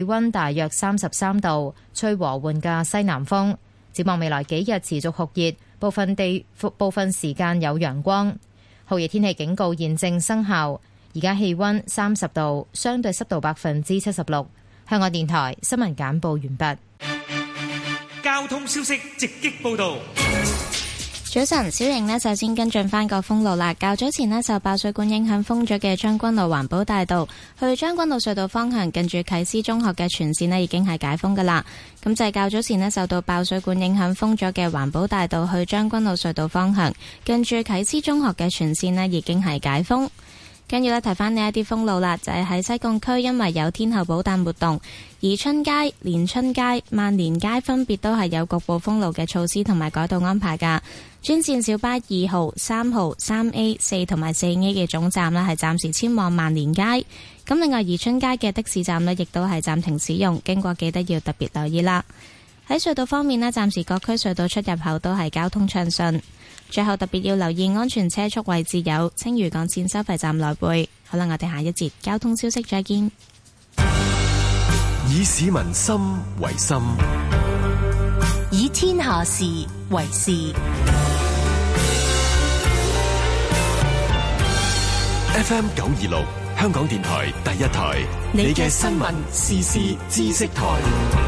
氣溫大約三十三度，吹和緩嘅西南風。展望未來幾日持續酷熱，部分地部分時間有陽光。酷熱天氣警告現正生效。而家氣溫三十度，相對濕度百分之七十六。香港電台新聞簡報完畢。交通消息直擊報道。早晨，小瑩呢就先跟進返個封路啦。較早前呢，受爆水管影響封咗嘅將軍澳環保大道去將軍澳隧道方向，近住啟思中學嘅全線呢已經係解封噶啦。咁就係較早前呢，受到爆水管影響封咗嘅環保大道去將軍澳隧道方向，近住啟思中學嘅全線呢已經係解封。跟住呢，提翻呢一啲封路啦，就係喺西貢區，因為有天后寶誕活動，宜春街、連春街、萬年街分別都係有局部封路嘅措施同埋改道安排噶。專線小巴二號、三號、三 A、四同埋四 A 嘅總站呢係暫時遷往萬年街。咁另外宜春街嘅的士站呢亦都係暫停使用，經過記得要特別留意啦。喺隧道方面呢，暫時各區隧道出入口都係交通暢順。最後特別要留意安全車速位置有青嶼幹線收費站內背。好啦，我哋下一節交通消息再見。以市民心為心，以天下事為事。FM 九二六，香港電台第一台，你嘅新聞時事知識台。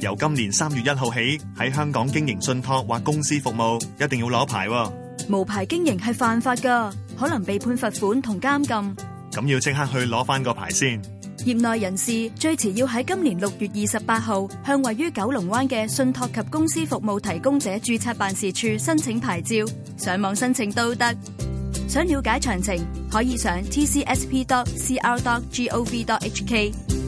由今年三月一號起，喺香港經營信託或公司服務，一定要攞牌。無牌經營係犯法噶，可能被判罰款同監禁。咁要即刻去攞翻個牌先。業內人士最遲要喺今年六月二十八號，向位於九龍灣嘅信託及公司服務提供者註冊辦事處申請牌照。上網申請都得。想了解詳情，可以上 tcsp.dot.cr.dot.gov.dot.hk。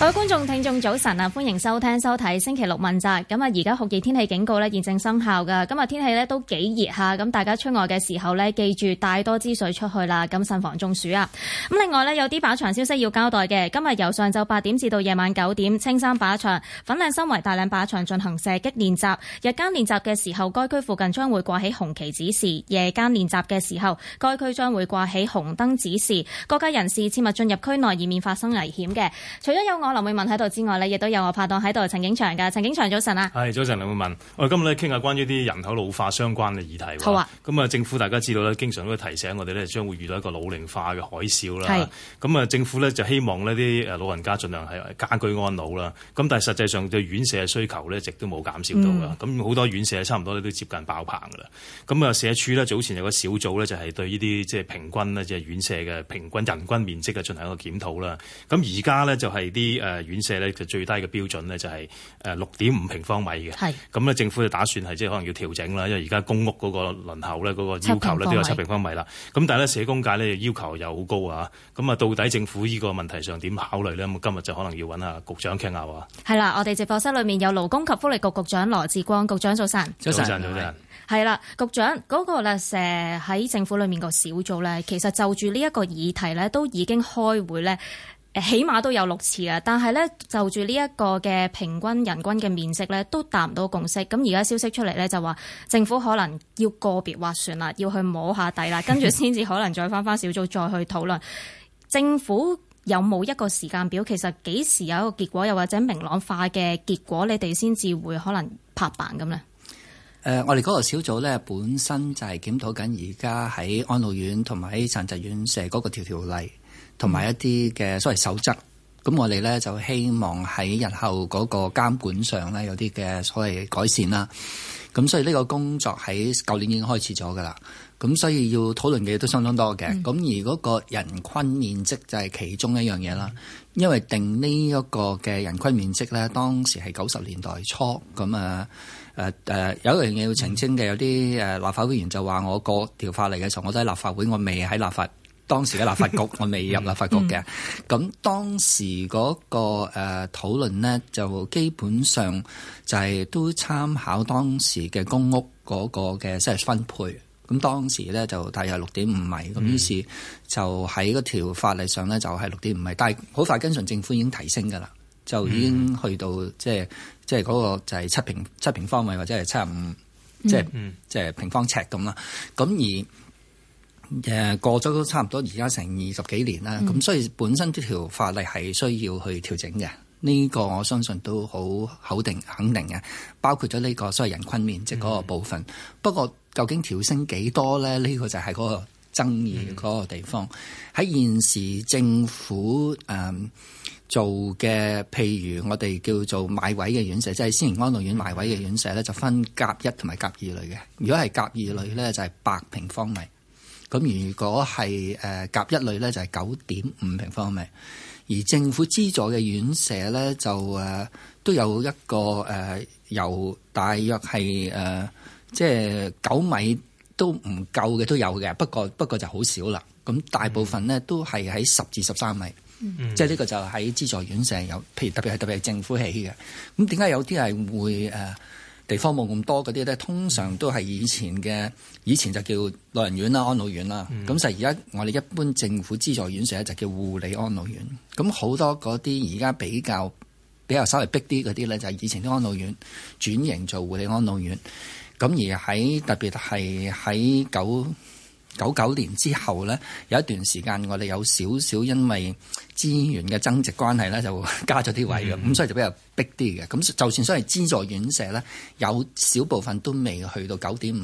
各位觀眾、聽眾，早晨啊！歡迎收聽、收睇《星期六問責》。咁啊，而家酷熱天氣警告咧現正生效噶。今日天，天氣咧都幾熱吓，咁大家出外嘅時候咧，記住帶多支水出去啦，咁慎防中暑啊！咁另外咧，有啲靶場消息要交代嘅。今日由上晝八點至到夜晚九點，青山靶場、粉嶺新圍大嶺靶場進行射擊練習。日間練習嘅時候，該區附近將會掛起紅旗指示；夜間練習嘅時候，該區將會掛起紅燈指示。各界人士切勿進入區內，以免發生危險嘅。除咗有外阿林詠雯喺度之外呢，亦都有我拍檔喺度，陳景祥噶。陳景祥早晨啊，係早晨林詠雯。我今日咧傾下關於啲人口老化相關嘅議題。好啊。咁啊，政府大家知道咧，經常都會提醒我哋咧，將會遇到一個老齡化嘅海嘯啦。咁啊是，政府咧就希望呢啲誒老人家盡量係家居安老啦。咁但係實際上嘅院舍嘅需求咧，一直都冇減少到啊。咁好、嗯、多院舍差唔多都接近爆棚噶啦。咁啊，社署咧早前有個小組咧就係對呢啲即係平均咧即係院舍嘅平均人均面積啊進行一個檢討啦。咁而家咧就係啲。誒，院舍咧就最低嘅標準咧就係誒六點五平方米嘅，咁咧是政府就打算係即係可能要調整啦，因為而家公屋嗰個輪候咧嗰個要求呢都有七平方米啦，咁是但係呢，社工界呢要求又好高啊，咁啊到底政府呢個問題上點考慮呢？咁今日就可能要揾阿局長傾下話。係啦，我哋直播室裏面有勞工及福利局局，局長羅致光局長早晨。早晨，早晨安。係啦，局長嗰個咧，成日喺政府裏面個小組咧，其實就住呢一個議題呢，都已經開會呢。起碼都有六次啦，但係呢，就住呢一個嘅平均人均嘅面積呢，都達唔到共識。咁而家消息出嚟呢，就話政府可能要個別劃算啦，要去摸下底啦，跟住先至可能再返返小組再去討論。 政府有冇一個時間表？其實幾時有一個結果，又或者明朗化嘅結果，你哋先至會可能拍板咁呢。誒、呃，我哋嗰個小組呢，本身就係檢討緊而家喺安老院同埋喺殘疾院舍嗰個條條例。同埋一啲嘅所謂守則，咁我哋咧就希望喺日後嗰個監管上咧有啲嘅所謂改善啦。咁所以呢個工作喺舊年已經開始咗㗎喇。咁所以要討論嘅都相當多嘅。咁、嗯、而嗰個人均面積就係其中一樣嘢啦。嗯、因為定呢一個嘅人均面積咧，當時係九十年代初。咁啊、呃呃呃、有一樣嘢要澄清嘅，有啲立法會議員就話我個條法嚟嘅時候，我都喺立法會，我未喺立法。當時嘅立法局，我未入立法局嘅。咁、 嗯、當時嗰、嗰個誒、呃、討論呢，就基本上就係都參考當時嘅公屋嗰個嘅即係分配。咁當時呢，就大約六點五米，咁於是就喺嗰條法例上呢，就係六點五米。但係好快跟上政府已經提升㗎啦，就已經去到即係即係嗰個就係七平七平方米或者係七十五即係即係平方尺咁啦。咁而誒、yeah, 過咗都差唔多，多，而家成二十幾年啦。咁所以本身呢條法例係需要去調整嘅。呢、這個我相信都好肯定肯定嘅，包括咗呢個所謂人均面積嗰個部分。嗯、不過究竟調升幾多咧？呢、這個就係嗰個爭議嗰個地方喺。嗯、現時政府誒、嗯、做嘅，譬如我哋叫做買位嘅院舍，即、就、係、是、私營安老院買位嘅院舍咧，就分甲一同埋甲二類嘅。如果係甲二類咧，就係、是、百平方米。咁如果係誒甲一類咧，就係九點五平方米；而政府資助嘅院舍咧，就誒、呃、都有一個誒、呃，由大約係誒，即係九米都唔夠嘅都有嘅，不過不過就好少啦。咁大部分咧都係喺十至十三米，即係呢個就喺資助院舍有，譬如特別係特別係政府起嘅。咁點解有啲係會誒？呃地方冇咁多嗰啲咧，通常都係以前嘅，以前就叫老人院啦、安老院啦。咁就而家我哋一般政府資助院舍咧，就叫護理安老院。咁好多嗰啲而家比較比較稍微逼啲嗰啲咧，就係以前啲安老院轉型做護理安老院。咁而喺特別係喺九九九年之後呢，有一段時間我哋有少少因為資源嘅增值關係呢，就加咗啲位嘅，咁、嗯、所以就比較逼啲嘅。咁就算所謂資助院舍呢，有少部分都未去到九點五，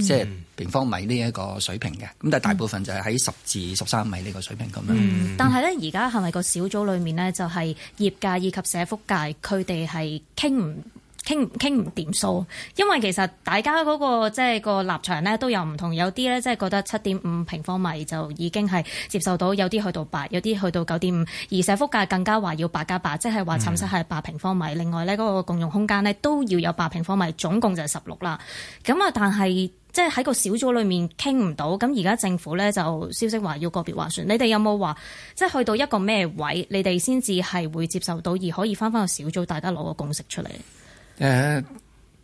即係平方米呢一個水平嘅，咁但大部分就係喺十至十三米呢個水平咁樣。嗯嗯、但係呢，而家係咪個小組裏面呢，就係業界以及社福界佢哋係傾唔？傾唔傾唔掂數，因為其實大家嗰、那個即係、就是、個立場呢都有唔同，有啲呢，即係覺得七點五平方米就已經係接受到，有啲去到八，有啲去到九點五，而社福界更加話要八加八，即係話寢室係八平方米，嗯、另外呢，嗰個共用空間呢都要有八平方米，總共就係十六啦。咁啊，但係即係喺個小組裏面傾唔到，咁而家政府呢，就消息話要個別話算，你哋有冇話即係去到一個咩位，你哋先至係會接受到，而可以返返個小組，大家攞個共識出嚟？誒、呃，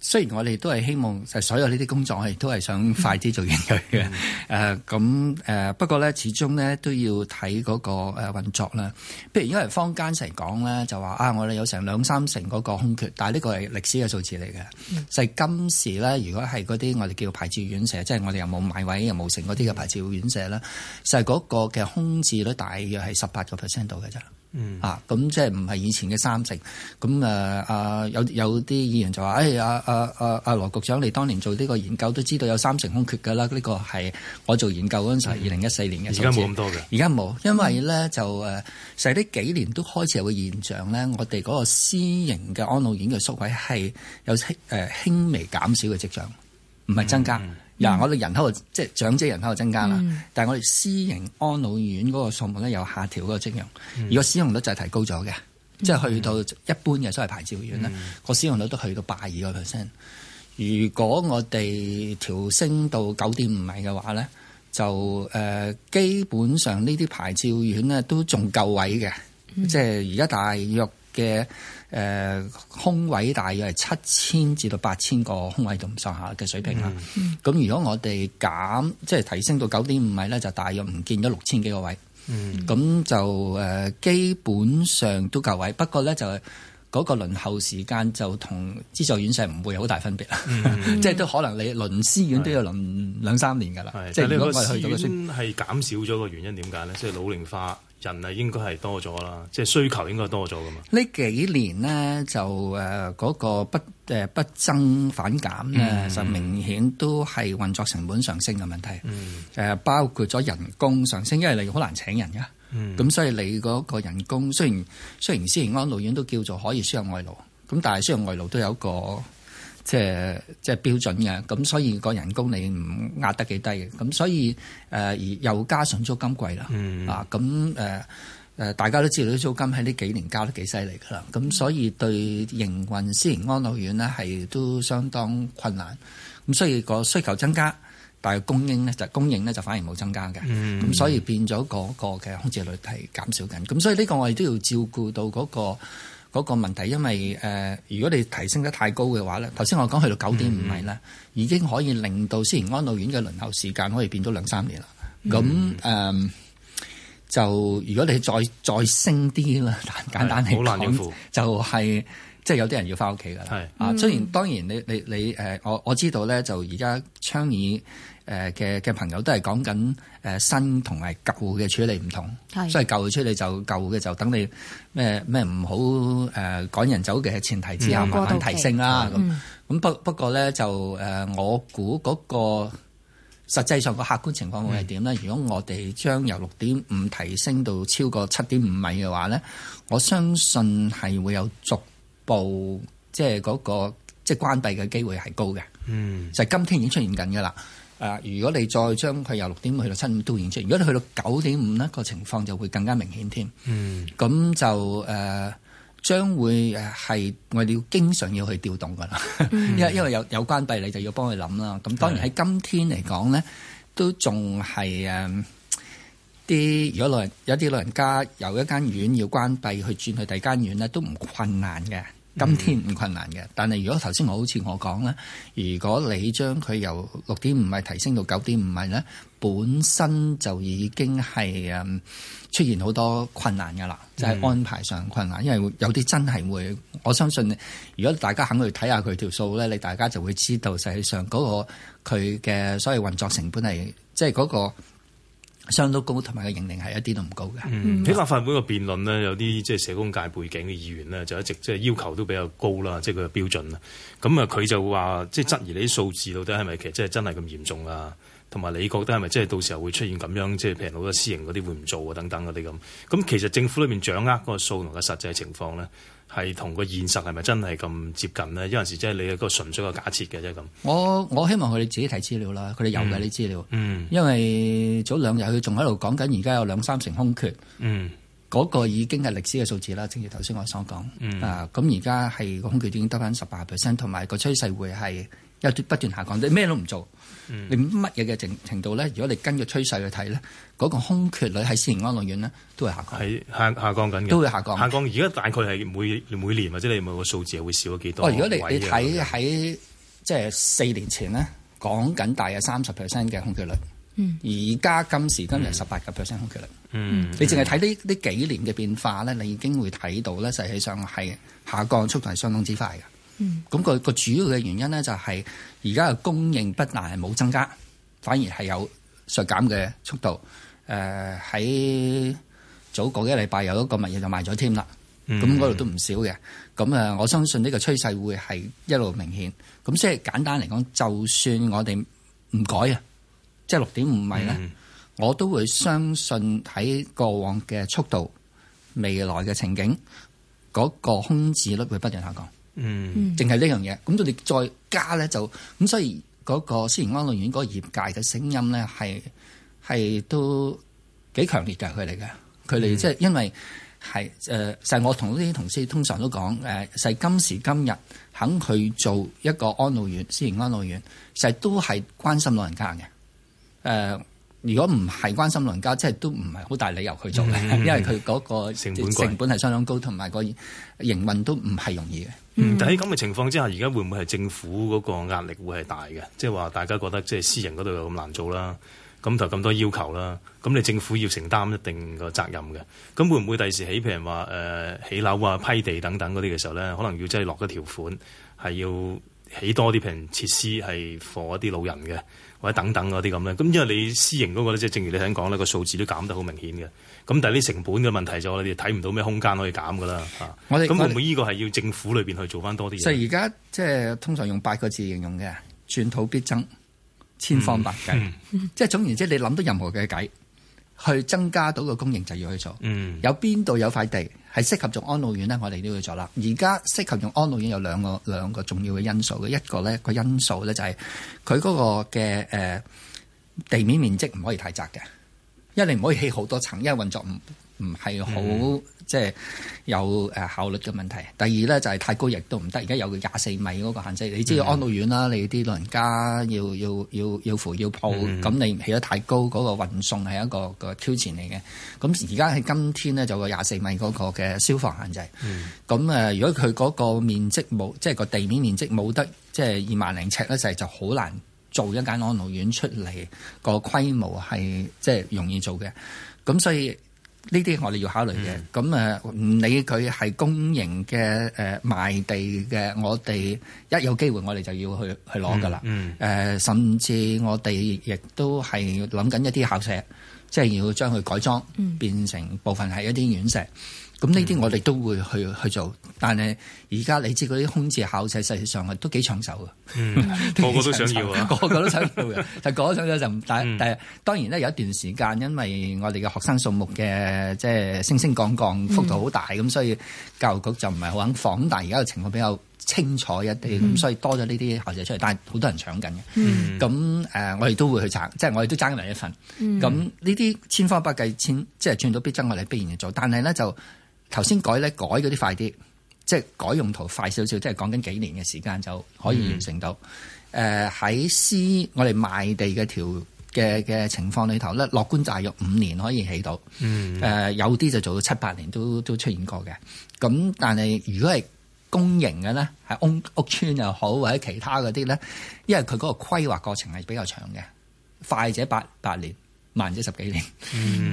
雖然我哋都係希望，就是、所有呢啲工作，我哋都係想快啲做完佢嘅。誒、嗯，咁誒、呃呃，不過咧，始終咧都要睇嗰個運作啦。譬如因為坊間成日講咧，就話啊，我哋有成兩三成嗰個空缺，但呢個係歷史嘅數字嚟嘅。嗯、就係今時咧，如果係嗰啲我哋叫牌照院舍，即、就、係、是、我哋又冇買位又冇成嗰啲嘅牌照院舍啦就係、是、嗰個嘅空置率大約係十八個 percent 度嘅啫。嗯啊，咁即係唔係以前嘅三成咁？誒啊，有有啲議員就話，誒、哎、啊啊啊阿羅局長，你當年做呢個研究都知道有三成空缺噶啦。呢、這個係我做研究嗰陣時，二零一四年嘅。而家冇咁多嘅。而家冇，因為咧就誒，成、啊、啲、就是、幾年都開始有個現象咧，我哋嗰個私營嘅安老院嘅宿位係有輕輕微減少嘅跡象，唔係增加。嗯嗱，嗯、我哋人口即係、就是、長者人口增加啦，嗯、但係我哋私營安老院嗰個數目咧又下調嗰個跡用。嗯、而個使用率就係提高咗嘅，嗯、即係去到一般嘅所謂牌照院咧個使用率都去到百二個 percent。如果我哋調升到九點五米嘅話咧，就誒、呃、基本上呢啲牌照院咧都仲夠位嘅，嗯、即係而家大約。嘅誒、呃、空位大約係七千至到八千個空位咁上下嘅水平啦。咁、mm hmm. 如果我哋減即係、就是、提升到九點五米咧，就大約唔見咗六千幾個位。咁、mm hmm. 就誒、呃、基本上都夠位，不過咧就嗰個輪候時間就同資助院舍唔會好大分別啦。即係、mm hmm. 都可能你輪私院都要輪兩三年噶啦。即係呢個先係減少咗個原因，點解咧？即係老齡化。人啊，應該係多咗啦，即係需求應該多咗噶嘛。呢幾年呢，就誒嗰、呃那個不誒、呃、不增反減咧，就、嗯、明顯都係運作成本上升嘅問題。誒、嗯呃、包括咗人工上升，因為你好難請人噶，咁、嗯、所以你嗰個人工雖然雖然私營安老院都叫做可以輸入外勞，咁但係輸入外勞都有一個。即係即係標準嘅，咁所以個人工你唔壓得幾低嘅，咁所以誒而、呃、又加上租金貴啦，嗯、啊咁誒、呃、大家都知道啲租金喺呢幾年交得幾犀利㗎啦，咁所以對營運私營安老院呢係都相當困難，咁所以個需求增加，但係供應呢就供，供應呢就反而冇增加嘅，咁、嗯、所以變咗個個嘅空置率係減少緊，咁所以呢個我亦都要照顧到嗰、那個。嗰個問題，因為誒、呃，如果你提升得太高嘅話咧，頭先我講去到九點五米呢，嗯、已經可以令到私營安老院嘅輪候時間可以變到兩三年啦。咁誒、嗯呃，就如果你再再升啲啦，難的簡單嚟講、就是，就係即係有啲人要翻屋企噶啦。係啊的，雖然、嗯、當然你你你我我知道咧，就而家倡議。誒嘅嘅朋友都係講緊誒新同埋舊嘅處理唔同，是所以舊嘅處理就舊嘅就等你咩咩唔好誒趕人走嘅前提之下，嗯、慢慢提升啦。咁咁、嗯、不不過咧就誒、呃，我估嗰個實際上個客觀情況會係點咧？嗯、如果我哋將由六點五提升到超過七點五米嘅話咧，我相信係會有逐步即係嗰個即係、即係嗰個即係、關閉嘅機會係高嘅。嗯，就係今天已經出現緊噶啦。誒，如果你再將佢由六點五去到七點五都然出，如果你去到九點五呢個情況就會更加明顯添。嗯，咁就將將會係我哋要經常要去調動㗎喇。因、嗯、因為有有關閉，你就要幫佢諗啦。咁當然喺今天嚟講咧，是的 都仲係誒啲。如果老人有啲老人家由一間院要關閉去轉去第二間院咧，都唔困難嘅。嗯、今天唔困難嘅，但係如果頭先我好似我講咧，如果你將佢由六點五米提升到九點五米咧，本身就已經係誒、嗯、出現好多困難噶啦，就係、是、安排上困難，因為有啲真係會，我相信如果大家肯去睇下佢條數咧，你大家就會知道實際上嗰、那個佢嘅所謂運作成本係即係嗰個。相當高，同埋嘅盈利係一啲都唔高嘅。嗯，喺立法會個辯論呢，有啲即係社工界背景嘅議員呢，就一直即係要求都比較高啦，即係佢個標準啦。咁啊，佢就話即係質疑你啲數字到底係咪其實真係真係咁嚴重啊？同埋你覺得係咪即係到時候會出現咁樣，即係譬如好多私營嗰啲會唔做啊？等等嗰啲咁。咁其實政府裏面掌握嗰個數同個實際情況呢，係同個現實係咪真係咁接近呢？有陣時即係你一個純粹個假設嘅啫咁。我我希望佢哋自己睇資料啦，佢哋有嘅啲資料。資料嗯。嗯，因為早兩日佢仲喺度講緊，而家有兩三成空缺。嗯。嗰個已經係歷史嘅數字啦，正如頭先我所講。嗯。啊，咁而家係個空缺已經得返十八 percent，同埋個趨勢會係一不斷下降，你咩都唔做。嗯、你乜嘢嘅程程度咧？如果你跟個趨勢去睇咧，嗰、那個空缺率喺私營安老院咧都係下降，喺下下降緊嘅，都會下降。下降而家大概係每每年或者你每個數字係會少咗幾多，哦？如果你你睇喺即係四年前咧，講緊大約三十 percent 嘅空缺率，而家、嗯、今時今日十八個 percent 空缺率，嗯，嗯你淨係睇呢呢幾年嘅變化咧，你已經會睇到咧，實際上係下降速度係相當之快嘅。咁個、嗯、個主要嘅原因咧，就係而家嘅供應不但係冇增加，反而係有削減嘅速度。誒、呃，喺早嗰幾個禮拜有一個物業就賣咗添啦，咁嗰度都唔少嘅。咁啊，我相信呢個趨勢會係一路明顯。咁即係簡單嚟講，就算我哋唔改啊，即係六點五米咧，嗯、我都會相信喺過往嘅速度，未來嘅情景嗰、嗰個空置率會不斷下降。嗯，淨係呢樣嘢咁，佢哋再加咧就咁，噉所以嗰個私人安老院嗰個業界嘅聲音咧，係係都幾強烈嘅。佢哋嘅佢哋即係因為係誒，實我同呢啲同事通常都講誒，實今時今日肯去做一個安老院、私人安老院，實都係關心老人家嘅誒、呃。如果唔係關心老人家，即、就、係、係、都唔係好大理由去做嘅，嗯、因為佢嗰個成本係相當高，同埋成本個營運都唔係容易嘅。嗯、但喺咁嘅情況之下，而家會唔會係政府嗰個壓力會係大嘅？即係話大家覺得即係私營嗰度又咁難做啦，咁就咁多要求啦，咁你政府要承擔一定個責任嘅，咁會唔會第時起譬如話、呃、起樓啊、批地等等嗰啲嘅時候咧，可能要真係落個條款，係要起多啲譬如設施係 for 一啲老人嘅，或者等等嗰啲咁咧？咁因為你私營嗰、嗰個咧，即係正如你想講講咧，個數字都減得好明顯嘅。咁但係啲成本嘅問題我就我哋睇唔到咩空間可以減噶啦嚇。我哋們咁、啊、會唔會依個係要政府裏邊去做翻多啲嘢？就而家即係通常用八個字形容嘅，寸土必爭，千方百計，嗯嗯、即係總言之，你諗到任何嘅計，去增加到個供應就要去做。嗯、有邊度有塊地係適合做安老院呢？我哋都要去做啦。而家適合用安老院有兩個兩個重要嘅因素嘅，一個呢、呢個因素咧就係佢嗰個嘅誒地面面積唔可以太窄嘅。因為你唔可以起好多層，因為運作唔唔係好即係有誒效率嘅問題。第二咧就係太高亦都唔得，而家有個廿四米嗰個限制。你知道安老院啦，嗯、你啲老人家要要要要扶要抱，咁、嗯、你唔起得太高，嗰、嗰個運送係一個、個挑戰嚟嘅。咁而家喺今天咧就有24個廿四米嗰個嘅消防限制。咁誒、嗯，如果佢嗰個面積冇，即係個地面面積冇得，即係二萬零尺咧就就好難。做一間安老院出嚟，個規模係即係容易做嘅，咁所以呢啲我哋要考慮嘅。咁啊、嗯，唔理佢係公營嘅誒賣地嘅，我哋一有機會我哋就要去去攞噶啦。誒、嗯，嗯、甚至我哋亦都係諗緊一啲校舍，即係要將佢改裝，變成部分係一啲院舍。咁呢啲我哋都會去、嗯、去做，但係而家你知嗰啲空置校舍事實上都幾搶手嘅，個個都想要啊， 個個都想要，就搶手就但但係當然咧有一段時間，因為我哋嘅學生數目嘅即係升升降降幅度好大咁，嗯、所以教育局就唔係好肯放。但係而家嘅情況比較清楚一啲，咁、嗯、所以多咗呢啲校舍出嚟，但係好多人搶緊嘅。咁誒、嗯呃、我哋都會去爭，即係我哋都爭埋一份。咁呢啲千方百計千即係轉到必爭，我哋必然要做。但係咧就。頭先改咧改嗰啲快啲，即係改用途快少少，即係講緊幾年嘅時間就可以完成到、嗯呃。誒喺私我哋賣地嘅條嘅嘅情況裏頭咧，樂觀就係約五年可以起到。誒、嗯呃、有啲就做到七八年都都出現過嘅。咁但係如果係公營嘅咧，係屋屋邨又好或者其他嗰啲咧，因為佢嗰個規劃過程係比較長嘅，快者八八年。萬幾十幾年，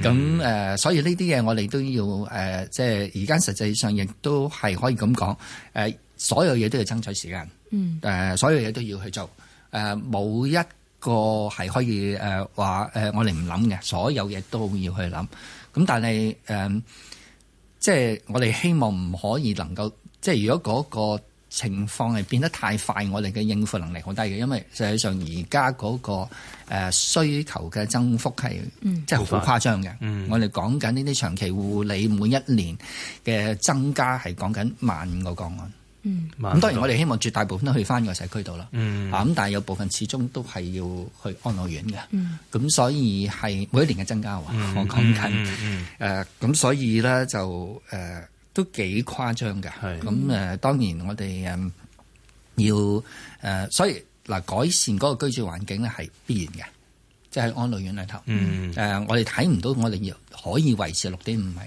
咁、嗯、所以呢啲嘢我哋都要即係而家實際上亦都係可以咁講、呃，所有嘢都要爭取時間，呃、所有嘢都要去做，冇、呃、一個係可以誒話、呃呃、我哋唔諗嘅，所有嘢都要去諗，咁但係即係我哋希望唔可以能夠，即係如果嗰、嗰個。情況係變得太快，我哋嘅應付能力好低嘅，因為實際上而家嗰個、呃、需求嘅增幅係、嗯、即係好誇張嘅。嗯、我哋講緊呢啲長期護理每一年嘅增加係講緊萬五個個案。咁、嗯、當然我哋希望絕大部分都去翻個社區度啦。咁、嗯，但係有部分始終都係要去安老院嘅。咁、嗯、所以係每一年嘅增加喎，嗯、我講緊誒咁，所以咧就誒。呃都幾誇張嘅，咁誒是、呃、當然我哋、嗯、要誒、呃，所以嗱、呃、改善嗰個居住環境咧係必然嘅，即係安老院裏頭誒、嗯呃，我哋睇唔到，我哋要可以維持六點五米，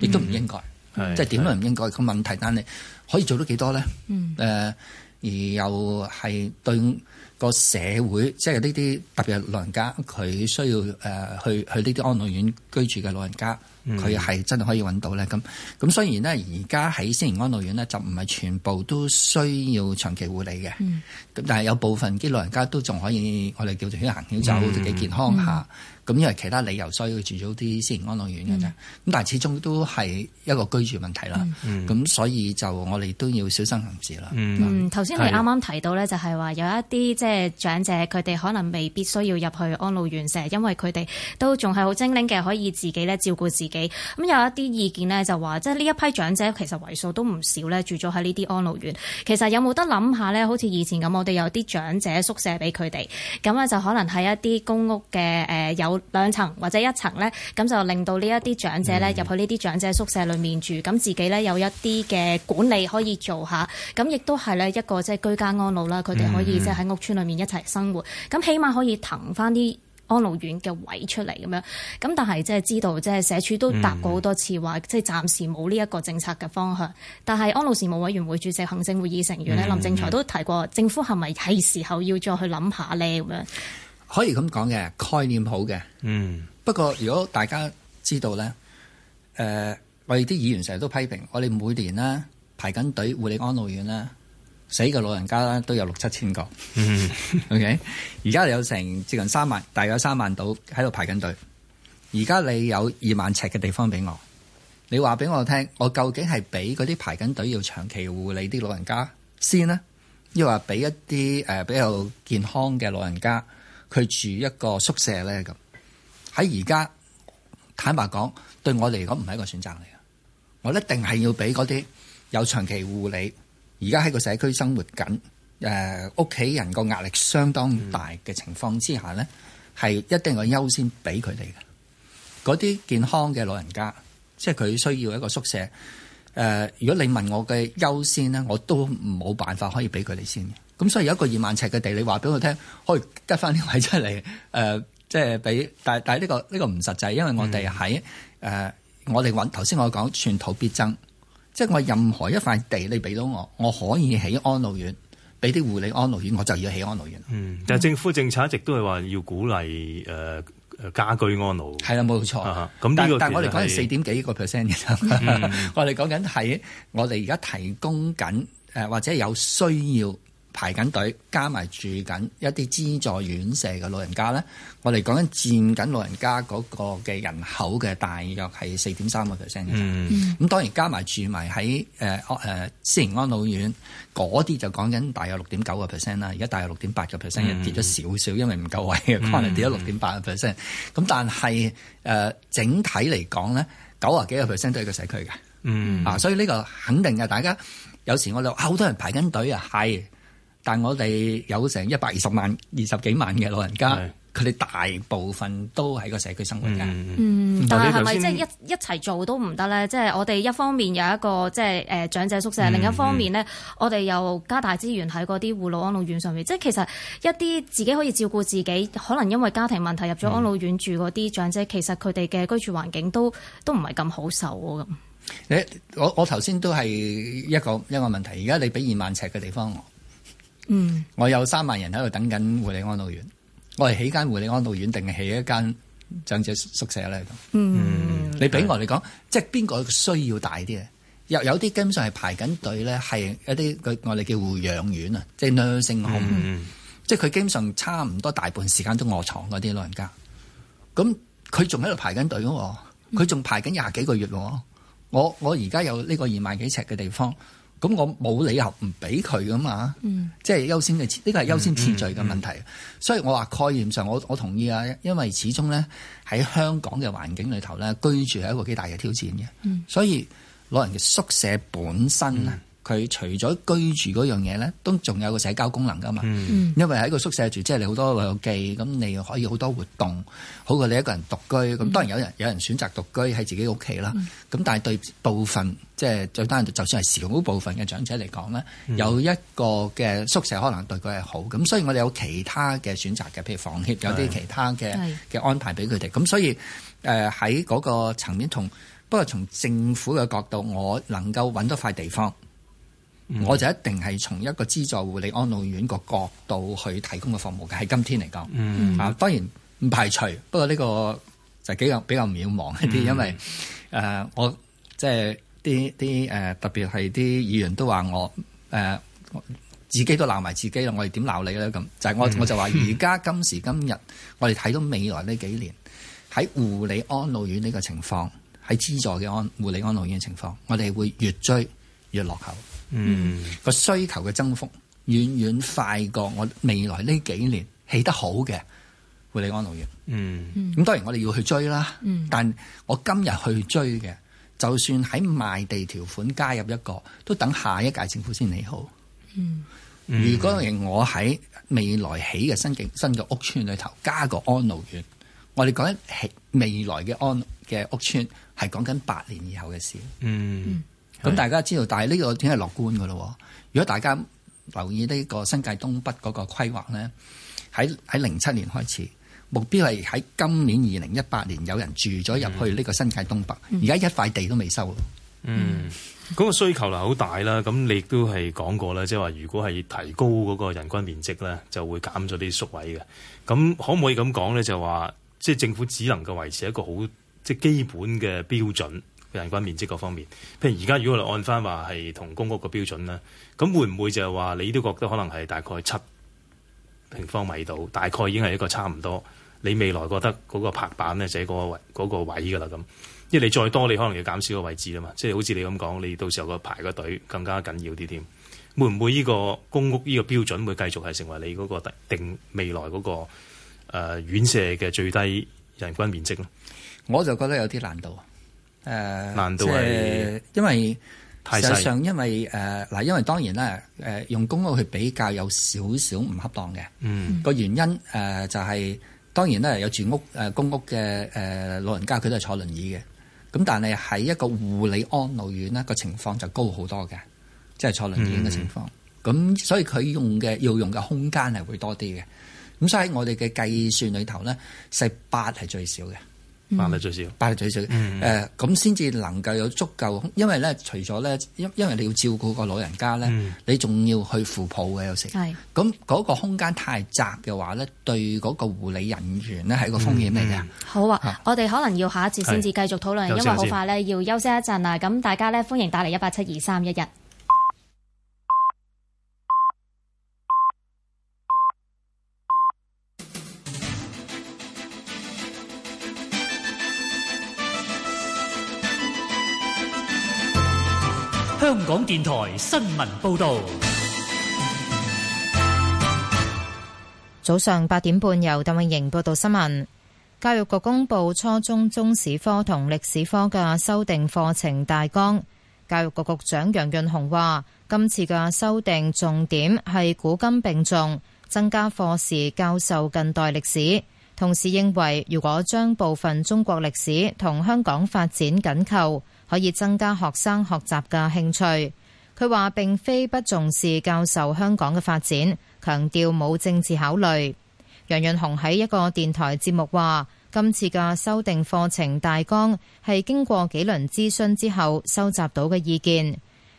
亦都唔應該，嗯、即係點都唔應該。咁是問題，但係可以做到幾多咧？誒、嗯呃，而又係對。個社會即係呢啲特別係老人家，佢需要誒、呃、去去呢啲安老院居住嘅老人家，佢係真係可以揾到咧。咁咁、嗯、雖然咧，而家喺私營安老院咧，就唔係全部都需要長期護理嘅。咁、嗯、但係有部分啲老人家都仲可以，我哋叫做血行少走都幾、嗯、健康一下。嗯嗯咁因為其他理由，所以要住咗啲私人安老院嘅啫。咁但係始終都係一個居住問題啦。咁所以就我哋都要小心行事啦。嗯，頭先你啱啱提到咧，就係話有一啲即係長者，佢哋可能未必需要入去安老院舍，因為佢哋都仲係好精靈嘅，可以自己咧照顧自己。咁有一啲意見咧就話即係呢一批長者其實為數都唔少咧，住咗喺呢啲安老院。其實有冇得諗下咧，好似以前咁，我哋有啲長者宿舍俾佢哋，咁啊就可能係一啲公屋嘅誒有。兩層或者一層呢，咁就令到呢一啲長者呢，入去呢啲長者宿舍裏面住，咁自己呢有一啲嘅管理可以做下，咁亦都係呢一個即係居家安老啦。佢哋可以即係喺屋村裏面一齊生活，咁起碼可以騰返啲安老院嘅位出嚟咁樣。咁但係即係知道，即係社署都答過好多次話，即係暫時冇呢一個政策嘅方向。但係安老事務委員會主席、行政會議成員呢，林正財都提過，政府係咪係時候要再去諗下呢？咁樣？可以咁講嘅概念好嘅，嗯。不過，如果大家知道咧，誒、呃，我哋啲議員成日都批評我哋每年咧、啊、排緊隊護理安老院啦、啊，死嘅老人家咧都有六七千個，嗯。O K. 而家有成接近三萬，大約三萬到喺度排緊隊。而家你有二萬尺嘅地方俾我，你話俾我聽，我究竟係俾嗰啲排緊隊要長期護理啲老人家先呢？抑或俾一啲誒、呃、比較健康嘅老人家？佢住一個宿舍咧，咁喺而家坦白講，對我嚟講唔係一個選擇嚟嘅。我一定係要俾嗰啲有長期護理，而家喺個社區生活緊，誒屋企人個壓力相當大嘅情況之下咧，係、嗯、一定要優先俾佢哋嘅。嗰啲健康嘅老人家，即係佢需要一個宿舍。誒，如果你問我嘅優先咧，我都冇辦法可以俾佢哋先嘅。咁所以有一個二萬尺嘅地，你話俾我聽，可以吉翻啲位出嚟，誒、呃，即係俾，但係但呢、這個呢、這個唔實際，因為我哋喺誒，我哋揾頭先我講寸土必爭，即係我任何一塊地你俾到我，我可以起安老院，俾啲護理安老院，我就要起安老院。嗯，但政府政策一直都係話要鼓勵誒、呃、家居安老，係啦、啊，冇錯。咁呢、啊、但係我哋講緊四點幾個 percent、嗯、 我哋講緊喺我哋而家提供緊、呃、或者有需要。排緊隊，加埋住緊一啲資助院舍嘅老人家咧，我哋講緊佔緊老人家嗰個嘅人口嘅大約係四點三個 percent 嘅。嗯，咁當然加埋住埋喺誒誒私人安老院嗰啲就講緊大約六點九個 percent 啦，而家大約六點八個 percent，跌咗少少，因為唔夠位可能跌咗六點八個 percent。咁、嗯、但係誒、呃、整體嚟講咧，九啊幾個 percent 都係一個社區嘅。嗯，啊，所以呢個肯定嘅，大家有時我哋話好多人排緊隊啊，係。但我哋有成一百二十萬二十幾萬嘅老人家，佢哋是大部分都喺個社區生活嘅。嗯，但係係咪即係一一齊做都唔得咧？即係我哋一方面有一個即係誒長者宿舍，嗯、另一方面呢，嗯、我哋又加大資源喺嗰啲護老安老院上面。即係其實一啲自己可以照顧自己，可能因為家庭問題入咗安老院住嗰啲長者，嗯、其實佢哋嘅居住環境都都唔係咁好受咁。你我我頭先都係一個一個問題。而家你俾二萬尺嘅地方。嗯，我有三萬人喺度等緊護理安老院，我係起間護理安老院定係起一間長者宿舍咧？嗯，你俾我嚟講，是的即係邊個需要大啲啊？又有啲基本上係排緊隊咧，係一啲我哋叫護養院啊，就是嗯、即係尿性控，即係佢基本上差唔多大半時間都臥床嗰啲老人家。咁佢仲喺度排緊隊噶，佢仲排緊廿幾個月、啊。我我而家有呢個二萬幾尺嘅地方。咁我冇理由唔俾佢噶嘛，嗯、即係優先嘅呢個係優先次序嘅問題，嗯嗯嗯、所以我話概念上我我同意啊，因為始終咧喺香港嘅環境裏頭咧居住係一個幾大嘅挑戰嘅，嗯、所以老人嘅宿舍本身啊。嗯佢除咗居住嗰樣嘢咧，都仲有個社交功能噶嘛。嗯、因為喺個宿舍住，即係你好多個記咁，你可以好多活動，好過你一個人獨居。咁、嗯、當然有人有人選擇獨居喺自己屋企啦。咁、嗯、但係對部分即係最單，就算係小部分嘅長者嚟講咧，嗯、有一個嘅宿舍可能對佢係好咁。所以我哋有其他嘅選擇嘅，譬如房協的有啲其他嘅嘅的安排俾佢哋。咁所以誒喺嗰個層面同不過從政府嘅角度，我能夠揾到塊地方。我就一定係從一個資助護理安老院個角度去提供嘅服務嘅，喺今天嚟講、嗯、啊，當然唔排除，不過呢個就比較比較渺茫一啲，嗯、因為誒、呃，我即係啲啲誒，特別係啲議員都話我誒、呃、自己都鬧埋自己啦。我哋點鬧你咧？咁就係、我、嗯、我就話而家今時今日， 我哋睇到未來呢幾年喺護理安老院呢個情況，喺資助嘅安護理安老院嘅情況，我哋會越追越落後。嗯，個需求嘅增幅遠遠快過我未來呢幾年起得好嘅護理安老院。嗯，咁當然我哋要去追啦。嗯，但我今日去追嘅，就算喺賣地條款加入一個，都等下一屆政府先起好。嗯，如果係我喺未來起嘅新嘅新嘅屋村裏頭加個安老院，我哋講起未來嘅安嘅屋村係講緊八年以後嘅事。嗯。嗯咁大家知道，但係呢個已經係樂觀嘅咯。如果大家留意呢個新界東北嗰個規劃咧，喺喺零七年開始，目標係喺今年二零一八年有人住咗入去呢個新界東北，而家、嗯、一塊地都未收。嗯，嗰、嗯、個需求量好大啦。咁你亦都係講過咧，即係話如果係提高嗰個人均面積咧，就會減咗啲縮位嘅。咁可唔可以咁講咧？就話即係政府只能夠維持一個好即係基本嘅標準。人均面積嗰方面，譬如而家如果我哋按翻話係同公屋嘅標準呢，咁會唔會就係話你都覺得可能係大概七平方米度，大概已經係一個差唔多，你未來覺得嗰個拍板呢就係、是、個位嗰、那個位噶啦咁。因為你再多，你可能要減少個位置啊嘛。即、就、係、是、好似你咁講，你到時候個排個隊更加緊要啲添。會唔會呢個公屋呢個標準會繼續係成為你嗰個定未來嗰、那個誒院舍嘅最低人均面積咧？我就覺得有啲難度。誒，難度係因為事實上，因為誒嗱、呃，因為當然啦、呃，用公屋去比較有少少唔恰當嘅，個、嗯、原因誒、呃、就係、是、當然咧，有住屋、呃、公屋嘅誒、呃、老人家佢都係坐輪椅嘅，咁但係喺一個護理安老院呢個情況就高好多嘅，即、就、係、是、坐輪椅嘅情況，咁、嗯、所以佢用嘅要用嘅空間係會多啲嘅，咁所以喺我哋嘅計算裏頭咧，係八係最少嘅。八咪、嗯、最少，八咪最少。誒、呃，咁先至能夠有足夠，因為咧，除咗咧，因因為你要照顧個老人家咧，嗯、你仲要去扶抱嘅有時。係是。咁嗰個空間太窄嘅話咧，對嗰個護理人員咧係個風險嚟嘅。嗯、好啊，啊我哋可能要下一次先至繼續討論，因為好快咧要休息一陣啊。咁大家咧歡迎打嚟一八七二三一一。香港電台新聞報道，早上八點半由鄧詠瑩報道新聞。教育局公布初中中史科同歷史科嘅修訂課程大綱。教育局局長楊潤雄話，今次嘅修訂重點係古今並重，增加課時教授近代歷史。同時認為，如果將部分中國歷史同香港發展緊扣，可以增加學生學習嘅興趣。佢話並非不重視教授香港嘅發展，強調冇政治考慮。楊潤雄喺一個電台節目話：今次嘅修訂課程大綱係經過幾輪諮詢之後收集到嘅意見。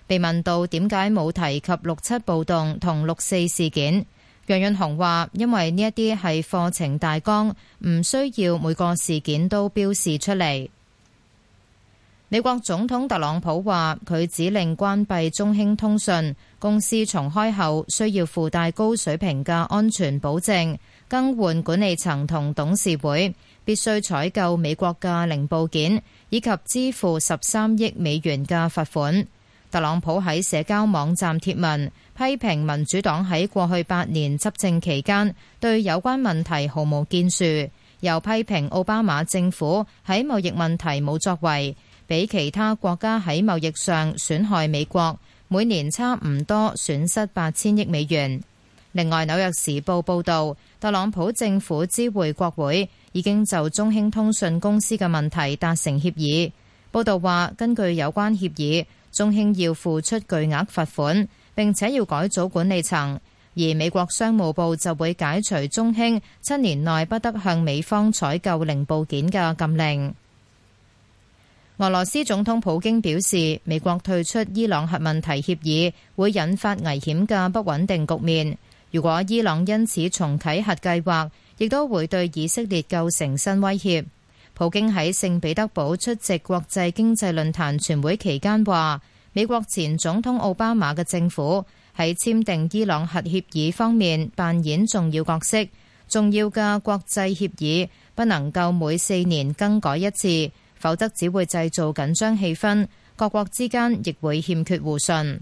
被問到點解冇提及六七暴動同六四事件，楊潤雄話：因為呢一啲係課程大綱，唔需要每個事件都標示出嚟。美國總統特朗普話：佢指令關閉中興通訊，公司重開後，需要附帶高水平嘅安全保證，更換管理層同董事會，必須採購美國嘅零部件，以及支付十三億美元嘅罰款。特朗普喺社交網站貼文批評民主黨喺過去八年執政期間對有關問題毫無建樹，又批評奧巴馬政府喺貿易問題冇作為。比其他國家喺貿易上損害美國，每年差唔多損失八千億美元。另外，《紐約時報》報道，特朗普政府知會國會已經就中興通訊公司嘅問題達成協議。報道話，根據有關協議，中興要付出巨額罰款，並且要改組管理層，而美國商務部就會解除中興七年內不得向美方採購零部件嘅禁令。俄羅斯總統普京表示，美國退出伊朗核問題協議會引發危險嘅不穩定局面。如果伊朗因此重啟核計劃，亦都會對以色列構成新威脅。普京喺聖彼得堡出席國際經濟論壇全會期間話，美國前總統奧巴馬嘅政府喺簽訂伊朗核協議方面扮演重要角色。重要嘅國際協議不能夠每四年更改一次。否則只會製造緊張氣氛，各國之間亦會欠缺互信。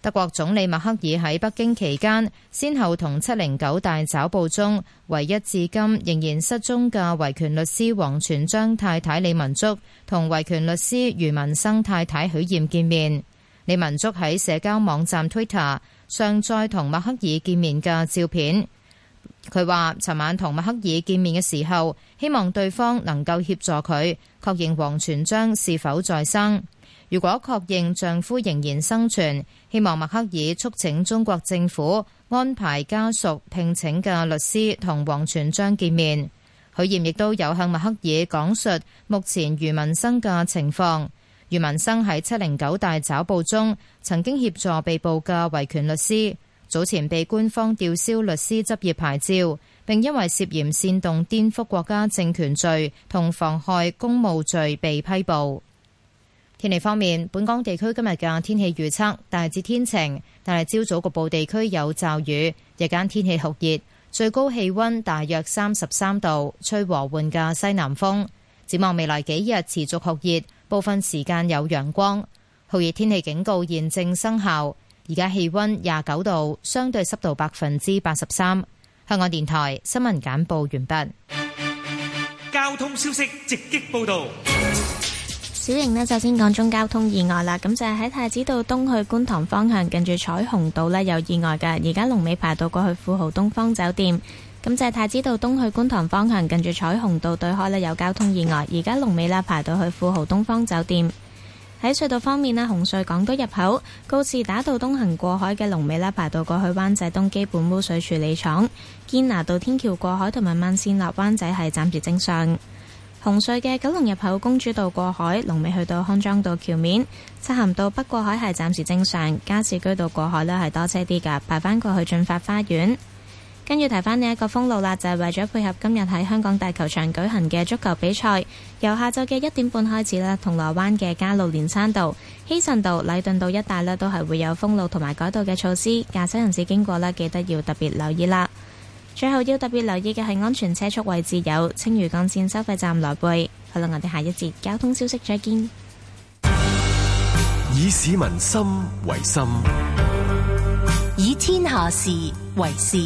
德國總理默克爾喺北京期間，先後同七零九大抓捕中唯一至今仍然失蹤嘅維權律師王全璋太太李文竹，同維權律師余文生太太許艷見面。李文竹喺社交網站 Twitter 上載同默克爾見面嘅照片。佢話：尋晚同默克爾見面嘅時候，希望對方能夠協助佢確認王全璋是否在生。如果確認丈夫仍然生存，希望默克爾促請中國政府安排家屬聘請嘅律師同王全璋見面。許艷亦都有向默克爾講述目前余文生嘅情況。余文生喺七零九大抓捕中曾經協助被捕嘅維權律師。早前被官方吊銷律師執業牌照，並因為涉嫌煽動顛覆國家政權罪同妨害公務罪被批捕。天氣方面，本港地區今日嘅天氣預測大致天晴，但係朝早局部地區有驟雨，日間天氣酷熱，最高氣溫大約三十三度，吹和緩嘅西南風。展望未來幾日持續酷熱，部分時間有陽光。酷熱天氣警告現正生效。而家氣温廿九度，相對濕度百分之八十三。香港電台新聞簡報完畢。交通消息直擊報道。小瑩呢，就先講中交通意外啦。咁就係喺太子道東去觀塘方向，近住彩虹道呢有意外㗎。而家龍尾排到過去富豪東方酒店。咁就係太子道東去觀塘方向，近住彩虹道對開呢有交通意外。而家龍尾呢排到去富豪東方酒店。喺隧道方面呢，紅隧港島入口、告示打道東行過海嘅龍尾呢，排到過去灣仔東基本污水處理廠，堅拿道天橋過海同埋慢線落灣仔係暫時正常。紅隧嘅九龍入口公主道過海龍尾去到康莊道橋面，漆咸道北過海係暫時正常，加士居道過海呢，係多車啲噶，排返過去駿發花園。跟住提翻呢一個封路啦，就係、是、為咗配合今日喺香港大球場舉行嘅足球比賽，由下晝嘅一點半開始啦。銅鑼灣嘅加路連山道、希慎道、禮頓道一帶咧，都係會有封路同埋改道嘅措施，駕駛人士經過呢，記得要特別留意啦。最後要特別留意嘅係安全車速位置有，有青嶼幹線收費站來背。好啦，我哋下一節交通消息再見。以市民心為心，以天下事為事。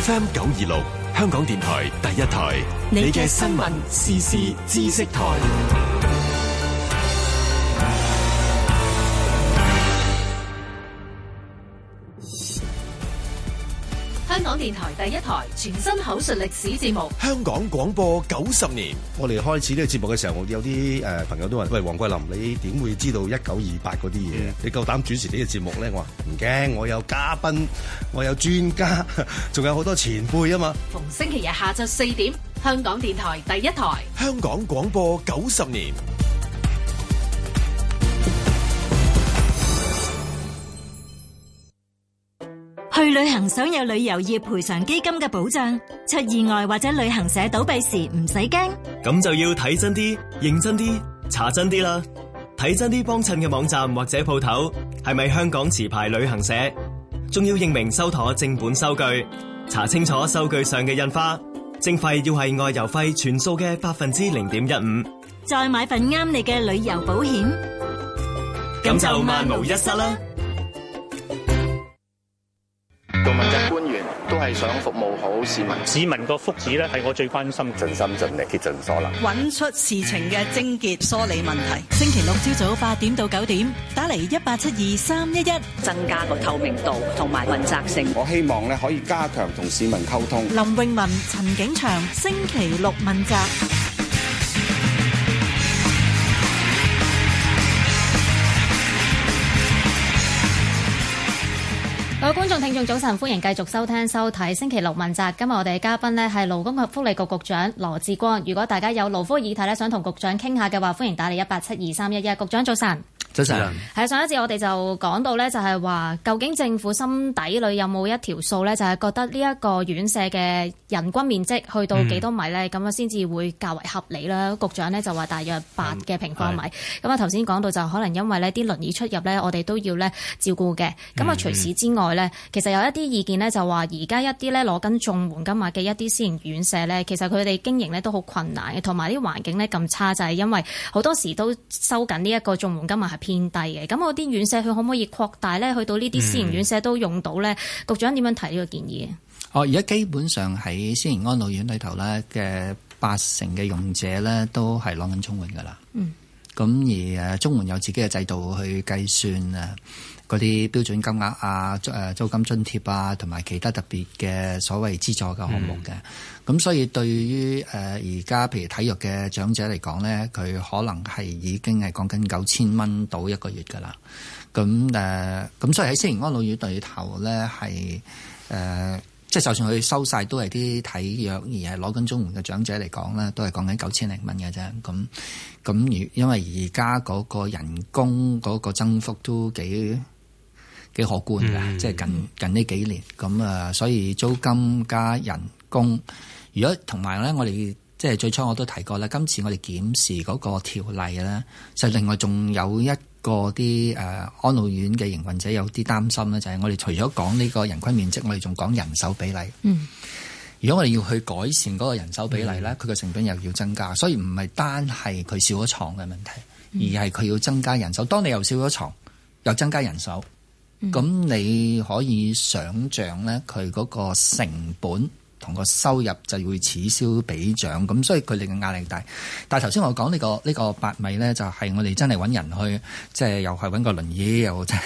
FM 九二六，香港電台第一台，你嘅新聞、新聞時事、知識台。香港電台第一台全新口述歷史節目《香港廣播九十年》。我哋開始呢個節目嘅時候，我有啲誒朋友都問：喂，黃桂林，你點會知道一九二八嗰啲嘢？嗯、你夠膽主持個節呢個節目咧？我話唔驚，我有嘉賓，我有專家，仲有好多前輩啊嘛。逢星期日下晝四點，香港電台第一台《香港廣播九十年》。旅行想有旅遊業賠償基金嘅保障，出意外或者旅行社倒閉時唔使驚。咁就要睇真啲、認真啲、查真啲啦。睇真啲幫襯嘅網站或者鋪頭係咪香港持牌旅行社？仲要認明收妥正本收據，查清楚收據上嘅印花，徵費要係外遊費全數嘅百分之零點一五。再買份啱你嘅旅遊保險，咁就萬無一失啦。當問責官員都係想服務好市民，市民個福祉咧係我最關心，盡心盡力，竭盡所能，揾出事情嘅症結、梳理問題。星期六朝早八點到九點，打嚟一八七二三一一，增加個透明度同埋問責性。我希望咧可以加強同市民溝通。林詠雯、陳景祥，星期六問責。觀眾、聽眾早晨，歡迎繼續收聽、收睇星期六問責。今日我哋嘅嘉賓呢係勞工及福利局局，局長羅致光。如果大家有勞福議題呢，想同局長傾下嘅話，歡迎打嚟一八七二三一一。局長早晨，早晨。係晨上一節我哋就講到呢，就係話究竟政府心底裏有冇一條數呢？就係、是、覺得呢一個院舍嘅人均面積去到幾多米呢？咁樣先至會較為合理啦。局長呢就話大約八嘅平方米。咁啊、嗯，頭先講到就可能因為呢啲輪椅出入呢，我哋都要呢照顧嘅。咁啊，除此之外呢。嗯嗯其實有一啲意見呢，就話而家一啲咧攞緊綜援金額嘅一啲私營院舍呢，其實佢哋經營呢都好困難嘅，同埋啲環境呢咁差，就係、是、因為好多時都收緊呢一個綜援金額係偏低嘅。咁我啲院舍佢可唔可以擴大呢？去到呢啲私營院舍都用到呢？嗯、局長點樣提呢個建議哦，而家基本上喺私營安老院裏頭呢嘅八成嘅用者呢，都係攞緊綜援噶啦。嗯。咁而誒，綜援有自己嘅制度去計算啊。嗰啲標準金額啊，誒租金津貼啊，同埋其他特別嘅所謂資助嘅項目嘅，咁、mm. 所以對於誒而家譬如體弱嘅長者嚟講咧，佢可能係已經係講緊九千蚊到一個月噶啦，咁誒，咁、呃、所以喺私人安老院對頭咧，係誒，即、呃、係就算佢收晒都係啲體弱，而係攞緊綜援嘅長者嚟講咧，都係講緊九千零蚊嘅啫。咁咁，因為而家嗰個人工嗰個增幅都幾～幾可觀㗎，嗯、即係近近呢幾年咁啊，所以租金加人工。如果同埋咧，我哋即係最初我都提過咧，今次我哋檢視嗰個條例咧，就另外仲有一個啲誒、啊、安老院嘅營運者有啲擔心咧，就係、是、我哋除咗講呢個人均面積，我哋仲講人手比例。嗯，如果我哋要去改善嗰個人手比例咧，佢個、嗯、成本又要增加，所以唔係單係佢少咗床嘅問題，而係佢要增加人手。當你又少咗床，又增加人手。咁、嗯、你可以想像咧，佢嗰個成本同個收入就會此消彼長，咁所以佢哋嘅壓力大。但係頭先我講呢個呢個八米咧，就係我哋真係揾人去，即、就、係、是、又係揾個輪椅，嗯、又真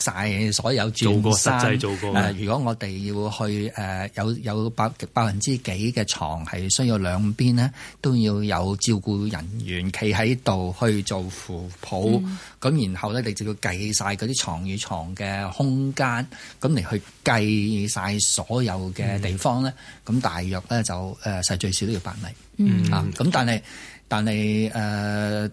晒所有照顧做過實際做過、呃。如果我哋要去誒有、呃、有百百分之幾嘅床係需要兩邊呢，都要有照顧人員企喺度去做扶抱。嗯咁然後咧，你就要計晒嗰啲床與床嘅空間，咁你去計晒所有嘅地方咧，咁、嗯、大約咧就誒，實、呃、最少都要八米。嗯，啊，咁但係但係誒、呃，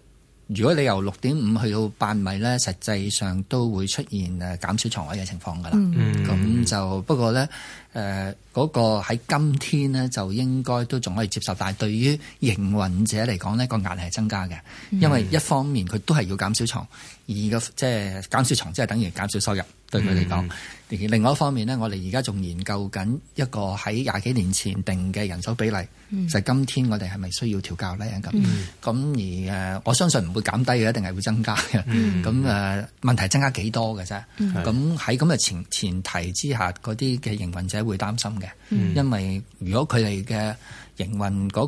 如果你由六點五去到八米咧，實際上都會出現誒減少床位嘅情況噶啦。嗯，咁就不過咧。誒嗰、呃嗰個喺今天呢，就應該都仲可以接受，但係對於營運者嚟講呢，個壓力係增加嘅，因為一方面佢都係要減少床，而個即係減少床即係等於減少收入對佢嚟講。嗯、另外一方面呢，我哋而家仲研究緊一個喺廿幾年前定嘅人手比例，嗯、就係今天我哋係咪需要調校咧咁？咁、嗯、而誒，我相信唔會減低嘅，一定係會增加嘅。咁誒、嗯呃、問題增加幾多嘅啫？咁喺咁嘅前前提之下，嗰啲嘅營運者。會擔心嘅，因為如果佢哋嘅營運嗰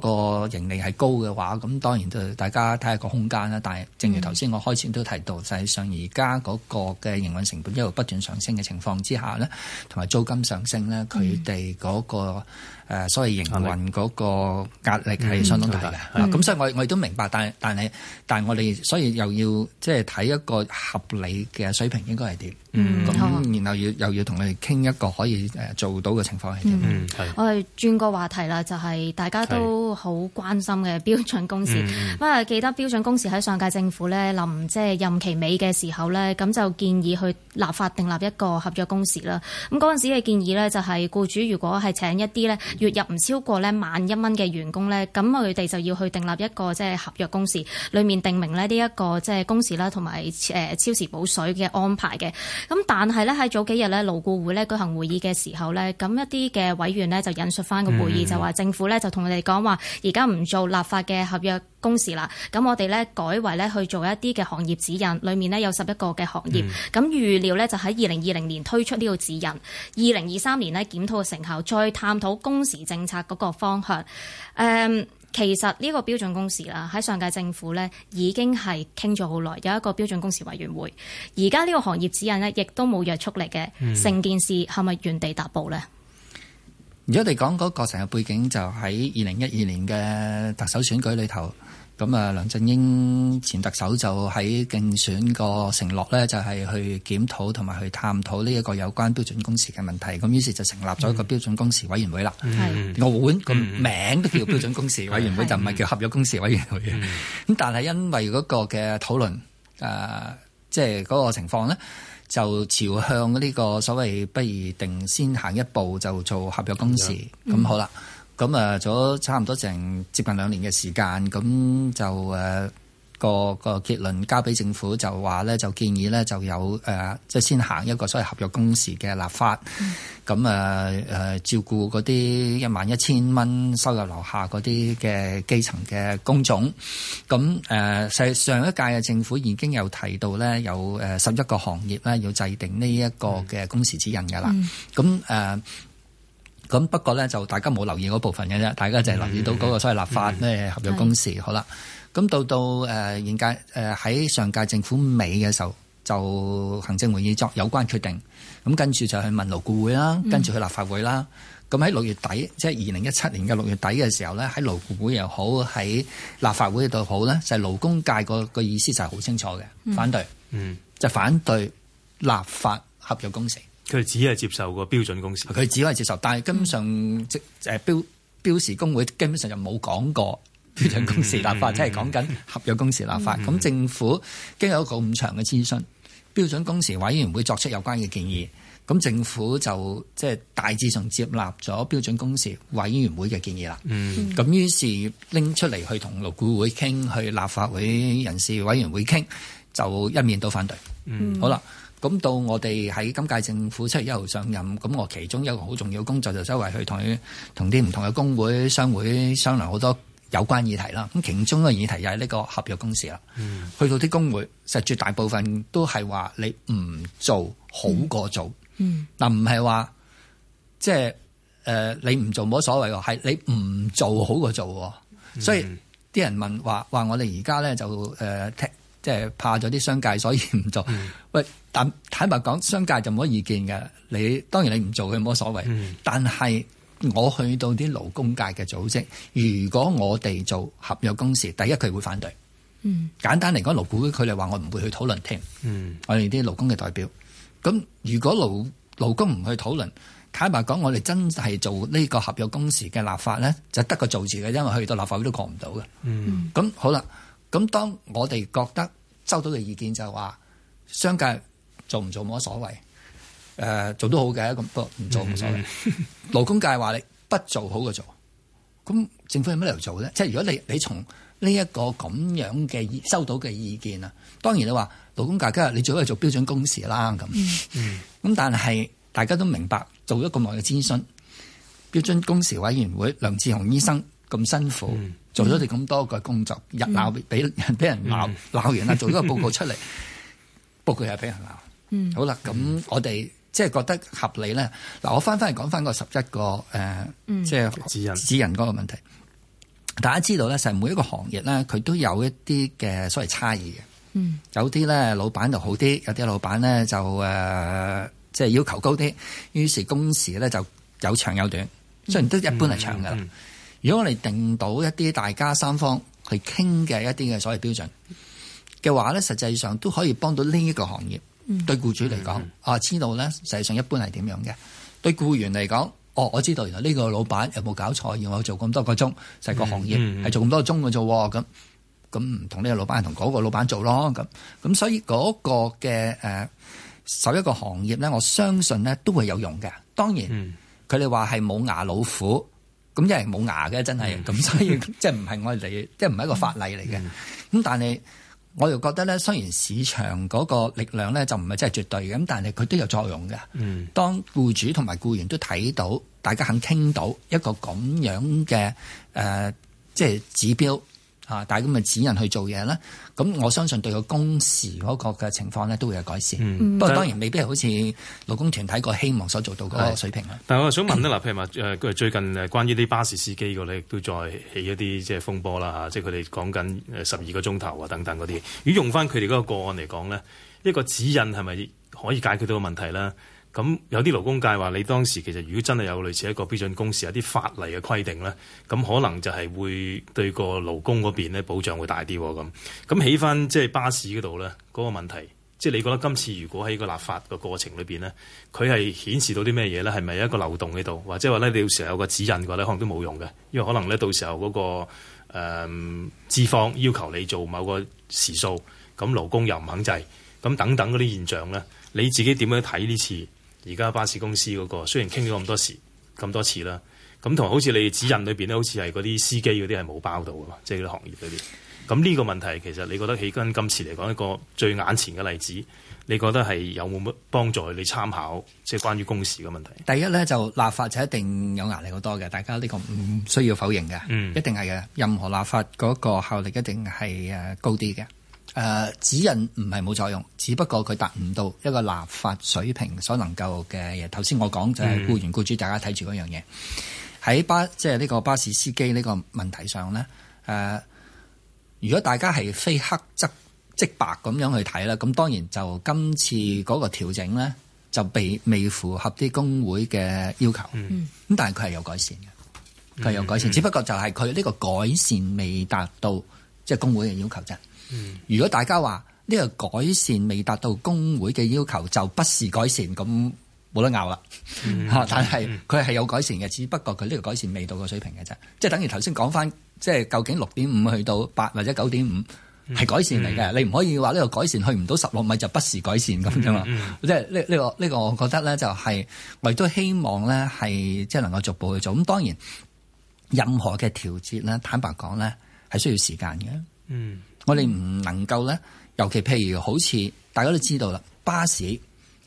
個盈利係高嘅話，咁當然就大家睇下個空間啦。但係正如頭先我開始都提到，就係上而家嗰個嘅營運成本一路不斷上升嘅情況之下咧，同埋租金上升咧，佢哋嗰個。誒，所謂營運嗰個壓力係相當大嘅。咁、嗯嗯嗯、所以我我亦都明白，但係但係但我哋所以又要即係睇一個合理嘅水平應該係點？嗯，咁然後要又要同你傾一個可以做到嘅情況係點、嗯？嗯，係。我哋轉個話題啦，就係、是、大家都好關心嘅標準工時。因為、嗯、記得標準工時喺上屆政府咧，臨即係任期尾嘅時候咧，咁就建議去立法訂立一個合約工時啦。咁嗰陣時嘅建議咧，就係僱主如果係請一啲咧。月入唔超過咧萬一蚊嘅員工咧，咁佢哋就要去訂立一個即係合約工時，裏面定明咧呢一個即係工時啦，同埋誒超時補水嘅安排嘅。咁但係咧，喺早幾日咧，勞顧會咧舉行會議嘅時候咧，咁一啲嘅委員咧就引述翻個會議、嗯、就話政府咧就同佢哋講話，而家唔做立法嘅合約工時啦，咁我哋咧改為咧去做一啲嘅行業指引，裏面呢有十一個嘅行業，咁預、嗯、料呢，就喺二零二零年推出呢個指引，二零二三年呢檢討嘅成效，再探討工時政策嗰個方向。誒、嗯，其實呢個標準工時啦，喺上屆政府呢已經係傾咗好耐，有一個標準工時委員會，而家呢個行業指引呢亦都冇約束力嘅，成、嗯、件事係咪原地踏步呢？如果我哋講嗰個成日背景，就喺二零一二年嘅特首選舉裏頭。咁啊，梁振英前特首就喺競選個承諾咧，就係去檢討同埋去探討呢一個有關標準工時嘅問題，咁於是就成立咗一個標準工時委員會啦。澳、嗯、門個名都叫標準工時委員會，嗯、就唔係叫合約工時委員會咁、嗯、但係因為嗰個嘅討論誒，即係嗰個情況咧，就朝向呢個所謂不如定先行一步，就做合約工時。咁、嗯、好啦。咁啊，咗差唔多成接近兩年嘅時間，咁就誒、嗰個、嗰個結論交俾政府就，就話咧就建議咧就有誒，即、呃、先行一個所謂合約工時嘅立法，咁啊、嗯嗯、照顧嗰啲一萬一千蚊收入樓下嗰啲嘅基層嘅工種，咁誒、呃、上一屆嘅政府已經有提到咧，有十一個行業咧要制定呢一個嘅工時指引㗎喇，咁誒、嗯。嗯咁不過咧，就大家冇留意嗰部分嘅啫，大家就留意到嗰個所謂立法咩合約工時。Mm hmm. mm hmm. 好啦。咁到到誒現屆誒喺上屆政府尾嘅時候，就行政會議作有關決定。咁跟住就去問勞顧會啦，跟住去立法會啦。咁喺六月底，即係二零一七年嘅六月底嘅時候咧，喺勞顧會又好，喺立法會度好咧，就係、勞工界個個意思就係好清楚嘅、mm hmm. 反對，嗯、mm，hmm. 就反對立法合約工時。佢只係接受個標準工時。佢 Okay 只可以接受，但係根本上，即、呃、係標標時工會基本上就冇講過標準工時立法，mm hmm. 即係講緊合約工時立法。咁、mm hmm. 政府經過一個咁長嘅諮詢，標準工時委員會作出有關嘅建議，咁政府就即係、就是、大致上接納咗標準工時委員會嘅建議啦。咁、mm hmm. 於是拎出嚟去同勞股會傾，去立法會人事委員會傾，就一面都反對。嗯、mm，hmm. 好啦。咁到我哋喺今屆政府七月一號上任，咁我其中一個好重要工作就周圍去同啲同啲唔同嘅工會、商會商量好多有關議題啦。咁其中一個議題就係呢個合約工時啦。嗯、去到啲工會，實絕大部分都係話你唔做好過做。嗯，嗱唔係話即係誒你唔做冇所謂喎，係你唔做好過做喎。所以啲、嗯、人問話話我哋而家咧就誒、呃即係怕咗啲商界，所以唔做。嗯、喂，但坦白講，商界就冇乜意見嘅。你當然你唔做佢冇乜所謂。嗯、但係我去到啲勞工界嘅組織，如果我哋做合約工時，第一佢會反對。嗯、簡單嚟講，勞顧會佢哋話我唔會去討論添，嗯我哋啲勞工嘅代表，咁如果勞勞工唔去討論，坦白講，我哋真係做呢個合約工時嘅立法咧，就得個做字嘅，因為去到立法會都講唔到嘅。咁、嗯、好啦。咁，當我哋覺得收到嘅意見就係話，商界做唔做冇乜所謂、呃，做都好嘅，咁不過唔做冇所謂。 勞工界話你不做好嘅做，咁政府有乜理由做咧？即係如果你你從呢一個咁樣嘅收到嘅意見啊，當然你話勞工界今日你最好係做標準工時啦，咁、 嗯，咁但係大家都明白做咗咁耐嘅諮詢，標準工時委員會梁智鴻醫生咁辛苦。嗯做咗哋咁多嘅工作，日鬧俾俾人鬧鬧、嗯、完啦，做咗個報告出嚟， 報告又俾人鬧。嗯、好啦，咁我哋、嗯、即係覺得合理咧。嗱，我翻翻嚟講翻個十一個誒，即係指人嗰個問題。大家知道咧，其實每一個行業咧，佢都有一啲嘅所謂差異嘅、嗯。有啲咧老闆就好啲，有啲老闆咧就誒，即係要求高啲，於是工時咧就有長有短，雖然都一般係長㗎啦如果我哋定到一啲大家三方去傾嘅一啲嘅所謂標準嘅話咧，實際上都可以幫到呢一個行業。嗯、對僱主嚟講，嗯、啊知道咧，實際上一般係點樣嘅？對僱員嚟講，哦，我知道原來呢個老闆有冇搞錯，要我做咁多個鐘，成個行業係做咁多個鐘嘅啫。咁咁唔同呢個老闆，同嗰個老闆做咯。咁咁，所以嗰個嘅誒、呃，首一個行業咧，我相信咧，都會有用嘅。當然，佢哋話係冇牙老虎。咁即係冇牙嘅，真係咁， 所以即係唔係我哋，即係唔係一個法例嚟嘅。咁、嗯、但係我又覺得咧，雖然市場嗰個力量咧就唔係真係絕對嘅，但係佢都有作用嘅。嗯、當僱主同埋僱員都睇到，大家肯傾到一個咁樣嘅誒、呃，即係指標。啊！但咁嘅指引去做嘢啦。咁我相信對個工時嗰個嘅情況咧都會有改善。嗯、不過當然未必係好似勞工團體個希望所做到嗰個水平啦。但我想問咧，嗱，譬如話最近誒關於啲巴士司機嗰咧亦都再起一啲即係風波啦嚇，即係佢哋講緊誒十二個鐘頭啊等等嗰啲。如果用翻佢哋嗰個個案嚟講咧，一個指引係咪可以解決到個問題咧？咁有啲勞工界話：你當時其實如果真係有類似一個標準工時，有啲法例嘅規定咧，咁可能就係會對個勞工嗰邊咧保障會大啲咁。咁起翻即係巴士嗰度咧，嗰、那個問題，即、就、係、是、你覺得今次如果喺個立法個過程裏邊咧，佢係顯示到啲咩嘢咧？係咪一個漏洞喺度，或者話咧你到時候有個指引嘅話咧，可能都冇用嘅，因為可能咧到時候嗰、那個誒資方要求你做某個時數，咁勞工又唔肯制，咁等等嗰啲現象咧，你自己點樣睇呢次？而家巴士公司嗰個雖然傾咗咁多時咁多次啦，咁同埋好似你指引裏邊咧，好似係嗰啲司機嗰啲係冇包到嘅嘛，即係嗰啲行業裏邊。咁呢個問題其實你覺得起根今次嚟講一個最眼前嘅例子，你覺得係有冇乜幫助你參考？即係關於工時嘅問題？第一咧就立法就一定有壓力好多嘅，大家呢個唔需要否認嘅，嗯、一定係嘅。任何立法嗰個效力一定係誒高啲嘅。誒、呃、指引唔係冇作用，只不過佢達唔到一個立法水平所能夠嘅嘢。頭先我講就係僱員僱主大家睇住嗰樣嘢喺巴即係呢個巴士司機呢個問題上咧。誒、呃，如果大家係非黑則即白咁樣去睇啦，咁當然就今次嗰個調整咧就並未，未符合啲工會嘅要求。咁、嗯、但係佢係有改善嘅，佢有改善，嗯嗯只不過就係佢呢個改善未達到即係、就是、工會嘅要求啫。如果大家話呢個改善未達到工會嘅要求，就不是改善咁冇得拗啦。但係佢係有改善嘅，嗯、只不過佢呢個改善未到個水平嘅啫。即係等於頭先講翻，即係究竟六點五去到八或者九點五係改善嚟嘅。嗯、你唔可以話呢個改善去唔到十六米就不是改善咁啫嘛。即係呢呢個呢個，呢個、我覺得咧就係我亦都希望咧係即係能夠逐步去做。咁當然任何嘅調節咧，坦白講咧係需要時間嘅。嗯。我哋唔能夠咧，尤其譬如好似大家都知道啦，巴士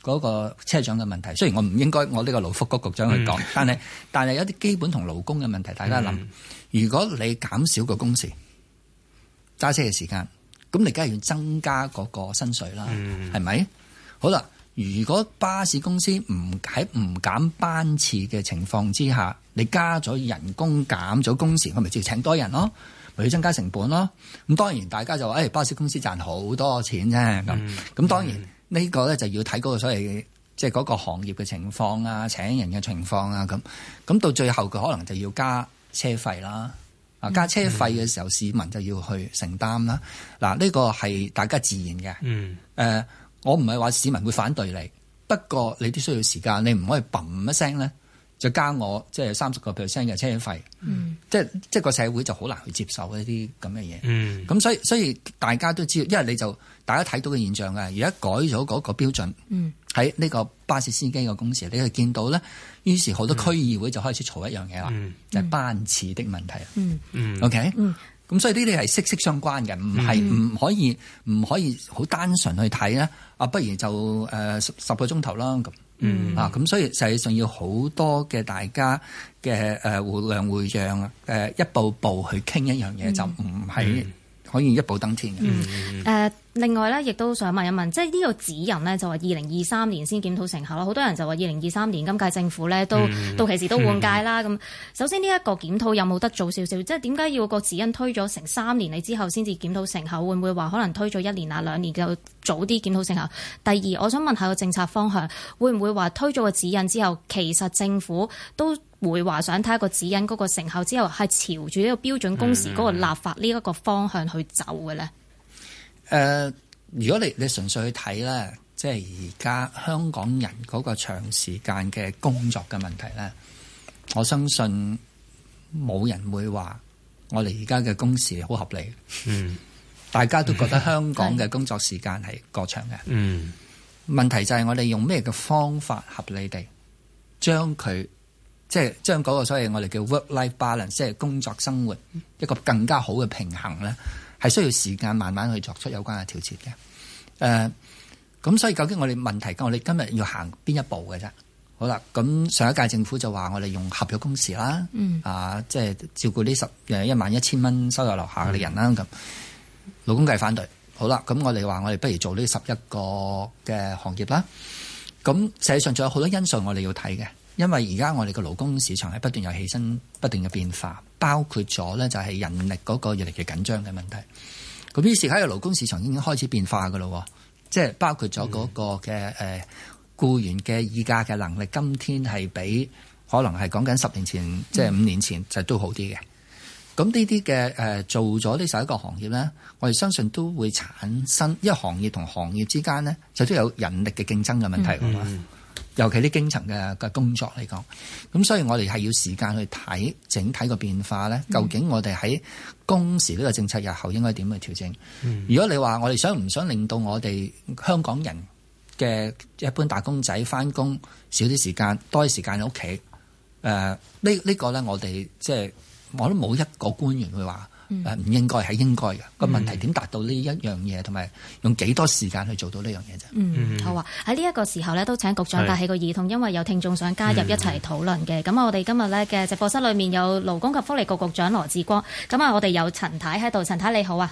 嗰個車長嘅問題。雖然我唔應該，我呢個勞福局局長去講，嗯、但係但係有啲基本同勞工嘅問題，大家諗，嗯、如果你減少個工時揸車嘅時間，咁你梗係要增加嗰個薪水啦，係咪、嗯？好啦，如果巴士公司唔喺唔減班次嘅情況之下，你加咗人工減咗工時，我咪照請多人咯。去增加成本咯，咁當然大家就話，誒、哎，巴士公司賺好多錢啫。咁咁、嗯、當然呢個咧就要睇嗰個所謂嘅即係嗰個行業嘅情況啊，請人嘅情況啊，咁咁到最後佢可能就要加車費啦。啊，加車費嘅時候市民就要去承擔啦。嗱、嗯，呢、啊這個係大家自然嘅。誒、嗯呃，我唔係話市民會反對你，不過你都需要時間，你唔可以嘣一聲咧就加我即係三十個 percent 嘅車費。嗯即係即係個社會就好難去接受呢啲咁嘅嘢，咁、嗯、所以所以大家都知道，一係你就大家睇到嘅現象啊，而家改咗嗰個標準，喺呢、嗯、個巴士司機嘅工時你去見到咧，於是好多區議會就開始吵一樣嘢啦，嗯、就係班次的問題。OK，咁所以呢啲係息息相關嘅，唔係唔可以唔可以好單純去睇咧。啊，不如就誒、呃、十,十個鐘頭啦咁。嗯啊，咁所以實際上要好多嘅大家嘅誒、呃、互諒互讓，誒、呃、一步一步去傾一樣嘢，嗯、就唔係可以一步登天嘅。嗯另外咧，亦都想問一問，即係呢個指引呢，就話二零二三年先檢討成效啦。好多人就話二零二三年今屆政府呢，都、嗯、到期時都換屆啦。咁、嗯、首先呢一個檢討有冇得早少少？即係點解要個指引推咗成三年，你之後先至檢討成效？會唔會話可能推咗一年啊兩年就早啲檢討成效？第二，我想問下個政策方向，會唔會話推咗個指引之後，其實政府都會話想睇一個指引嗰個成效之後，係朝住呢個標準工時嗰個立法呢一個方向去走嘅呢？誒，uh, 如果你你純粹去睇咧，即係而家香港人嗰個長時間嘅工作嘅問題咧，我相信冇人會話我哋而家嘅工時好合理。嗯，mm. 大家都覺得香港嘅工作時間係過長嘅。嗯，mm. 問題就係我哋用咩嘅方法合理地將佢，即係將嗰個所謂我哋叫 work-life balance，即係工作生活一個更加好嘅平衡咧。係需要時間慢慢去作出有關嘅調節嘅，誒、呃，咁所以究竟我哋問題，我哋今日要行邊一步嘅啫？好啦，咁上一屆政府就話我哋用合約工時啦，嗯、啊，即係照顧呢十誒一萬一千蚊收入樓下嘅人啦，咁勞工界反對，好啦，咁我哋話我哋不如做呢十一個嘅行業啦，咁實際上仲有好多因素我哋要睇嘅，因為而家我哋嘅勞工市場係不斷有起薪，不斷嘅變化。包括咗咧，就係人力嗰個越嚟越緊張嘅問題。咁於是喺個勞工市場已經開始變化噶咯，即係包括咗嗰個嘅誒僱員嘅議價嘅能力。今天係比可能係講緊十年前，嗯、即係五年前就都好啲嘅。咁呢啲嘅做咗呢十一個行業咧，我哋相信都會產生因為行業同行業之間咧，就都有人力嘅競爭嘅問題。嗯尤其啲基層嘅嘅工作嚟講，咁所以我哋係要時間去睇整體個變化咧。究竟我哋喺工時呢個政策日後應該點去調整？嗯、如果你話我哋想唔想令到我哋香港人嘅一般打工仔翻工少啲時間，多啲時間喺屋企？誒，呢呢個咧、這個就是，我哋即係我都冇一個官員去話。唔、嗯、應該係應該嘅個問題點達到呢一樣嘢，同埋、嗯、用幾多時間去做到呢樣嘢啫？嗯，好啊！喺呢一個時候呢，都請局長帶起個議同，因為有聽眾想加入一齊討論嘅。咁、嗯、我哋今日呢嘅直播室裏面有勞工及福利局局長羅致光，咁啊，我哋有陳太喺度。陳太你好啊，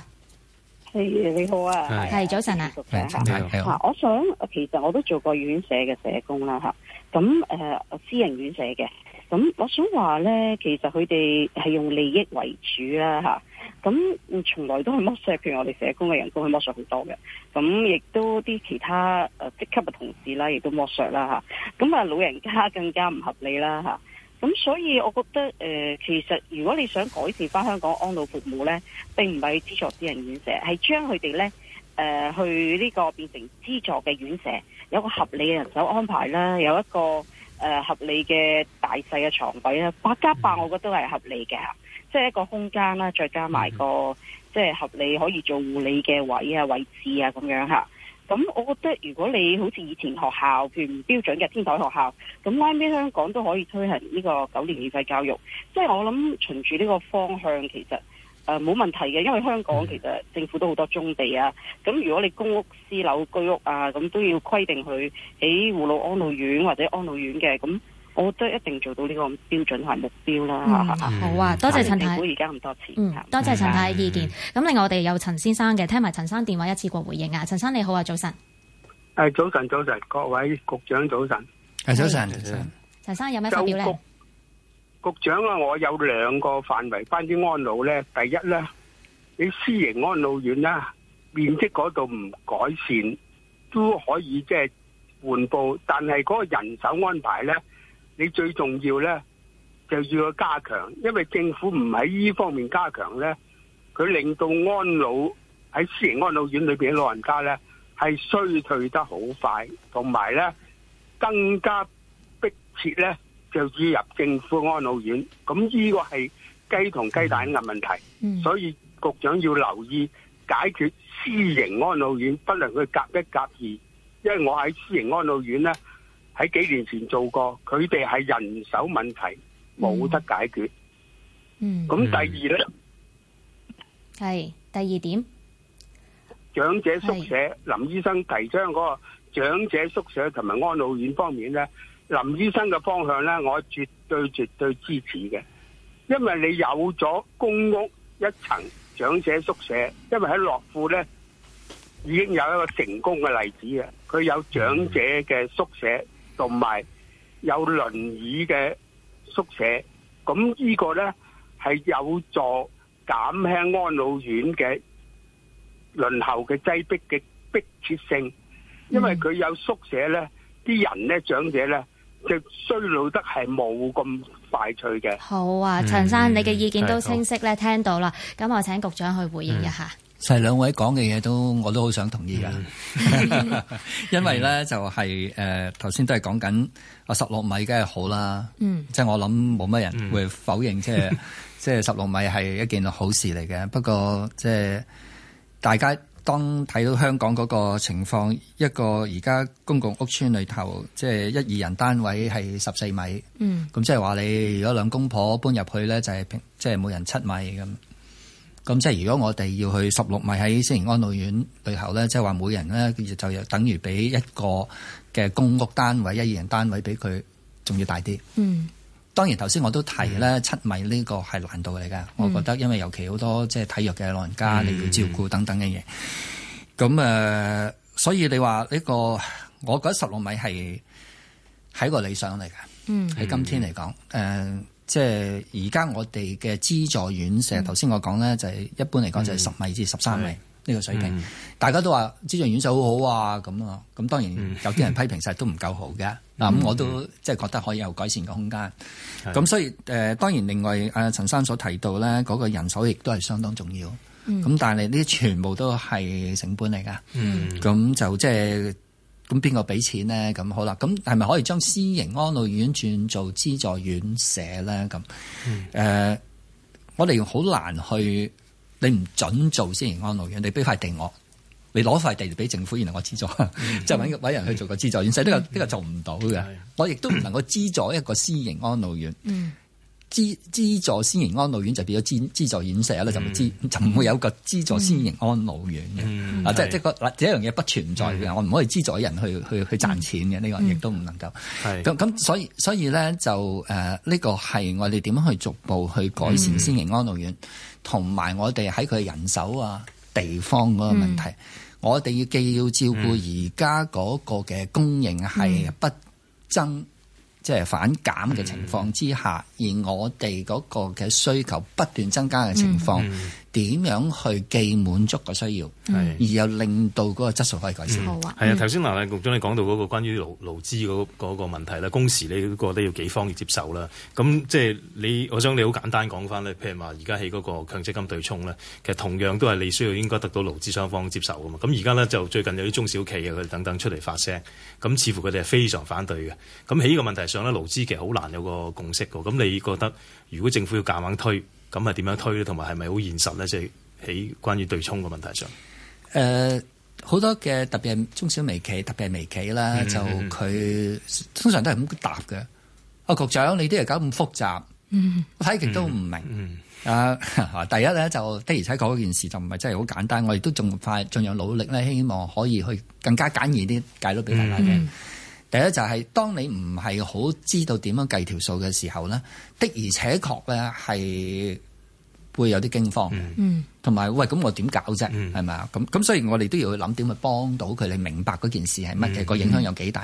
係你好啊，係是早晨啊。陳太我想其實我都做過院舍嘅社工啦，咁誒、呃，私人院舍嘅。咁我想話呢，其實佢哋係用利益為主啦、啊，吓、啊、咁，從來都係剝削譬如我哋社工嘅人工，去剝削好多嘅。咁、啊、亦都啲其他誒職級嘅同事啦、啊，亦都剝削啦，吓咁啊老人家更加唔合理啦、啊、吓、啊、咁。所以我覺得誒、呃，其實如果你想改善翻香港安老服務呢，並唔係資助私人院舍，係將佢哋呢誒、呃、去呢個變成資助嘅院舍，有個合理嘅人手安排啦，有一個。誒、呃，合理嘅大細嘅床位啊，八加八，我覺得都係合理嘅，即係一個空間啦，再加埋個即係、就是、合理可以做護理嘅位啊、位置啊咁樣吓。咁我覺得如果你好似以前學校，譬如唔標準嘅天台學校，咁拉尾香港都可以推行呢個九年免費教育。即、就、係、是、我諗循住呢個方向，其實。誒，冇問題嘅，因為香港其實政府都好多宗地啊，咁、嗯、如果你公屋、私樓、居屋啊，咁都要規定佢喺護老安老院或者安老院嘅，咁我覺得一定做到呢個標準係目標啦，嗯。好啊，多謝陳太。政府而家咁多錢，嗯，多謝陳太嘅意見。咁、嗯、另外我哋有陳先生嘅，聽埋陳生電話一次過回應啊。陳生你好啊，早晨。誒，早晨，早晨，各位局長早晨。誒，早晨，早晨。陳生有咩發表咧？局長啊，我有兩個範圍，關於安老呢，第一呢，你私營安老院呢，面積嗰度唔改善都可以即係緩步，但係嗰個人手安排呢，你最重要呢，就要加強，因為政府唔喺呢方面加強呢，佢令到安老喺私營安老院裏邊嘅老人家呢，係衰退得好快，同埋呢更加迫切呢。就要入政府安老院，咁呢個係雞同雞蛋嘅問題，嗯、所以局長要留意解決私營安老院，嗯、不能去夾一夾二。因為我喺私營安老院呢，喺幾年前做過，佢哋係人手問題，冇、嗯、得解決。嗯，咁第二呢？係、嗯、第二點，長者宿舍是林醫生提倡嗰個長者宿舍同埋安老院方面呢。林醫生嘅方向咧，我絕對絕對支持嘅，因為你有咗公屋一層長者宿舍，因為喺樂富咧已經有一個成功嘅例子啊！佢有長者嘅宿舍，同埋有，有輪椅嘅宿舍，咁呢個咧係有助減輕安老院嘅輪候嘅擠迫嘅迫切性，因為佢有宿舍咧，啲人咧長者咧。即衰老得係冇咁快脆嘅。好啊，陳生，嗯、你嘅意見都清晰咧，聽到啦。咁我請局長去回應一下。係兩、嗯就是、位講嘅嘢都，我都好想同意㗎，嗯、 因為咧就係、是、誒，頭先都係講緊啊十六米梗係好啦。嗯，即係我諗冇乜人會否認，即係即係十六米係一件好事嚟嘅。不過即係、就是、大家。當睇到香港嗰個情況，一個而家公共屋村裏頭，即係一二人單位係十四米，咁即係話你如果兩公婆搬入去咧，就係即係每人七米咁。咁即係如果我哋要去十六米喺先安老院裏頭咧，即係話每人咧就等於俾一個嘅公屋單位一二人單位比佢仲要大啲。嗯當然頭先我都提咧、嗯、七米呢個係難度嚟㗎，嗯、我覺得因為尤其好多即係體育嘅老人家你要照顧等等嘅嘢，咁誒、嗯，uh, 所以你話呢、呢個我覺得十六米係係一個理想嚟嘅，嗯，喺今天嚟講，誒、嗯，即係而家我哋嘅資助院舍，頭先我講咧就係一般嚟講就係十米至十三米。嗯呢個水平，嗯、大家都話資助院舍好好啊，咁啊，咁當然有啲人批評，實都唔夠好嘅。嗱、嗯，咁我都即係覺得可以有改善嘅空間。咁、嗯、所以誒、呃，當然另外啊、呃，陳生所提到咧，嗰、那個人手亦都係相當重要。咁、嗯、但係呢啲全部都係成本嚟噶。咁、嗯嗯、就即係咁邊個俾錢咧？咁好啦，咁係咪可以將私營安老院轉做資助院舍咧？咁誒、呃，我哋好難去。你唔準做私營安老院，你俾塊地我，你攞塊地嚟俾政府，然後我資助，即係揾揾人去做個資助院社。呢個呢個做唔到嘅，我亦都唔能夠資助一個私營安老院。嗯，資助私營安老院就變咗資助院社啦，就唔會有個資助私營安老院嘅。即係即係呢一樣嘢不存在嘅，我唔可以資助人去去去賺錢嘅。呢個亦都唔能夠。咁所以所以咧就誒呢個係我哋點樣去逐步去改善私營安老院。同埋我哋喺佢人手啊、地方嗰個問題，嗯、我哋要既要照顧而家嗰個嘅供應係不增即係、嗯、反減嘅情況之下，嗯、而我哋嗰個嘅需求不斷增加嘅情況。嗯嗯點樣去既滿足個需要，是而又令到嗰個質素可以改善？係、嗯、啊，頭先羅局長你講到嗰個關於勞勞資嗰嗰個問題咧，工時你都覺得要幾方便接受啦。咁即係你，我想你好簡單講翻咧，譬如話而家喺嗰個強積金對沖咧，其實同樣都係你需要應該得到勞資雙方接受噶嘛。咁而家咧就最近有啲中小企啊佢哋等等出嚟發聲，咁似乎佢哋係非常反對嘅。咁喺呢個問題上咧，勞資其實好難有個共識噶。咁你覺得如果政府要夾硬推？咁係點樣推同埋係咪好現實呢？即係喺關於對沖嘅問題上，誒好、呃、多嘅特別係中小微企，特別係微企啦，就佢通常都係咁答嘅。啊、嗯哦，局長，你啲嘢搞咁複雜，嗯、我睇極都唔明。嗯嗯、啊，第一咧就的而且確嗰件事就唔係真係好簡單。我亦都仲快仲有努力咧，希望可以去更加簡易啲解到俾大家聽。嗯嗯第一就係，當你唔係好知道點樣計條數嘅時候咧，的而且確咧係會有啲驚慌。嗯。同埋，喂，咁我點搞啫？係咪啊？咁咁，所以我哋都要去諗點去幫到佢你明白嗰件事係乜嘢，個、嗯、影響有幾大？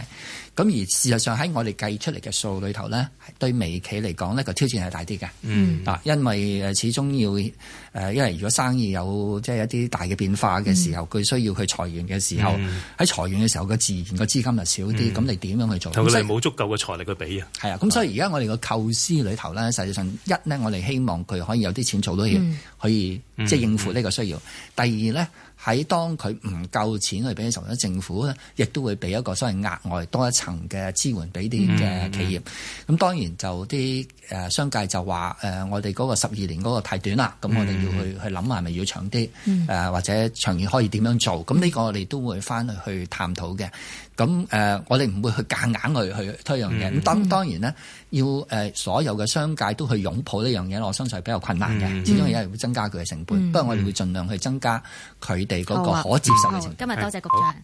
咁、嗯、而事實上喺我哋計出嚟嘅數裏頭咧，對微企嚟講呢，個挑戰係大啲嘅。嗱、嗯，因為誒始終要誒，因、呃、為如果生意有即係一啲大嘅變化嘅時候，佢、嗯、需要去裁員嘅時候，喺、嗯、裁員嘅時候，個自然個資金就少啲。咁、嗯、你點樣去做？佢哋冇足夠嘅財力去畀啊！係啊，咁所以而家我哋嘅構思裏頭咧，實際上一呢，我哋希望佢可以有啲錢做到，啲、嗯，可以。即係應付呢個需要。第二咧，喺當佢唔夠錢去俾嘅時候，政府咧亦都會俾一個所謂額外多一層嘅支援俾啲嘅企業。咁、mm hmm. 當然就啲誒商界就話誒，我哋嗰個十二年嗰個太短啦，咁我哋要去去諗下，咪要長啲誒，mm hmm. 或者長遠可以點樣做？咁呢個我哋都會翻去去探討嘅。咁誒、嗯呃，我哋唔會去夾硬去去推樣嘢。咁、嗯、當然咧，要、呃、誒所有嘅商界都去擁抱呢樣嘢，我相信係比較困難嘅。始終有一係會增加佢嘅成本，嗯、不過我哋會盡量去增加佢哋嗰個可接受嘅程度。今日多謝，謝局長。哎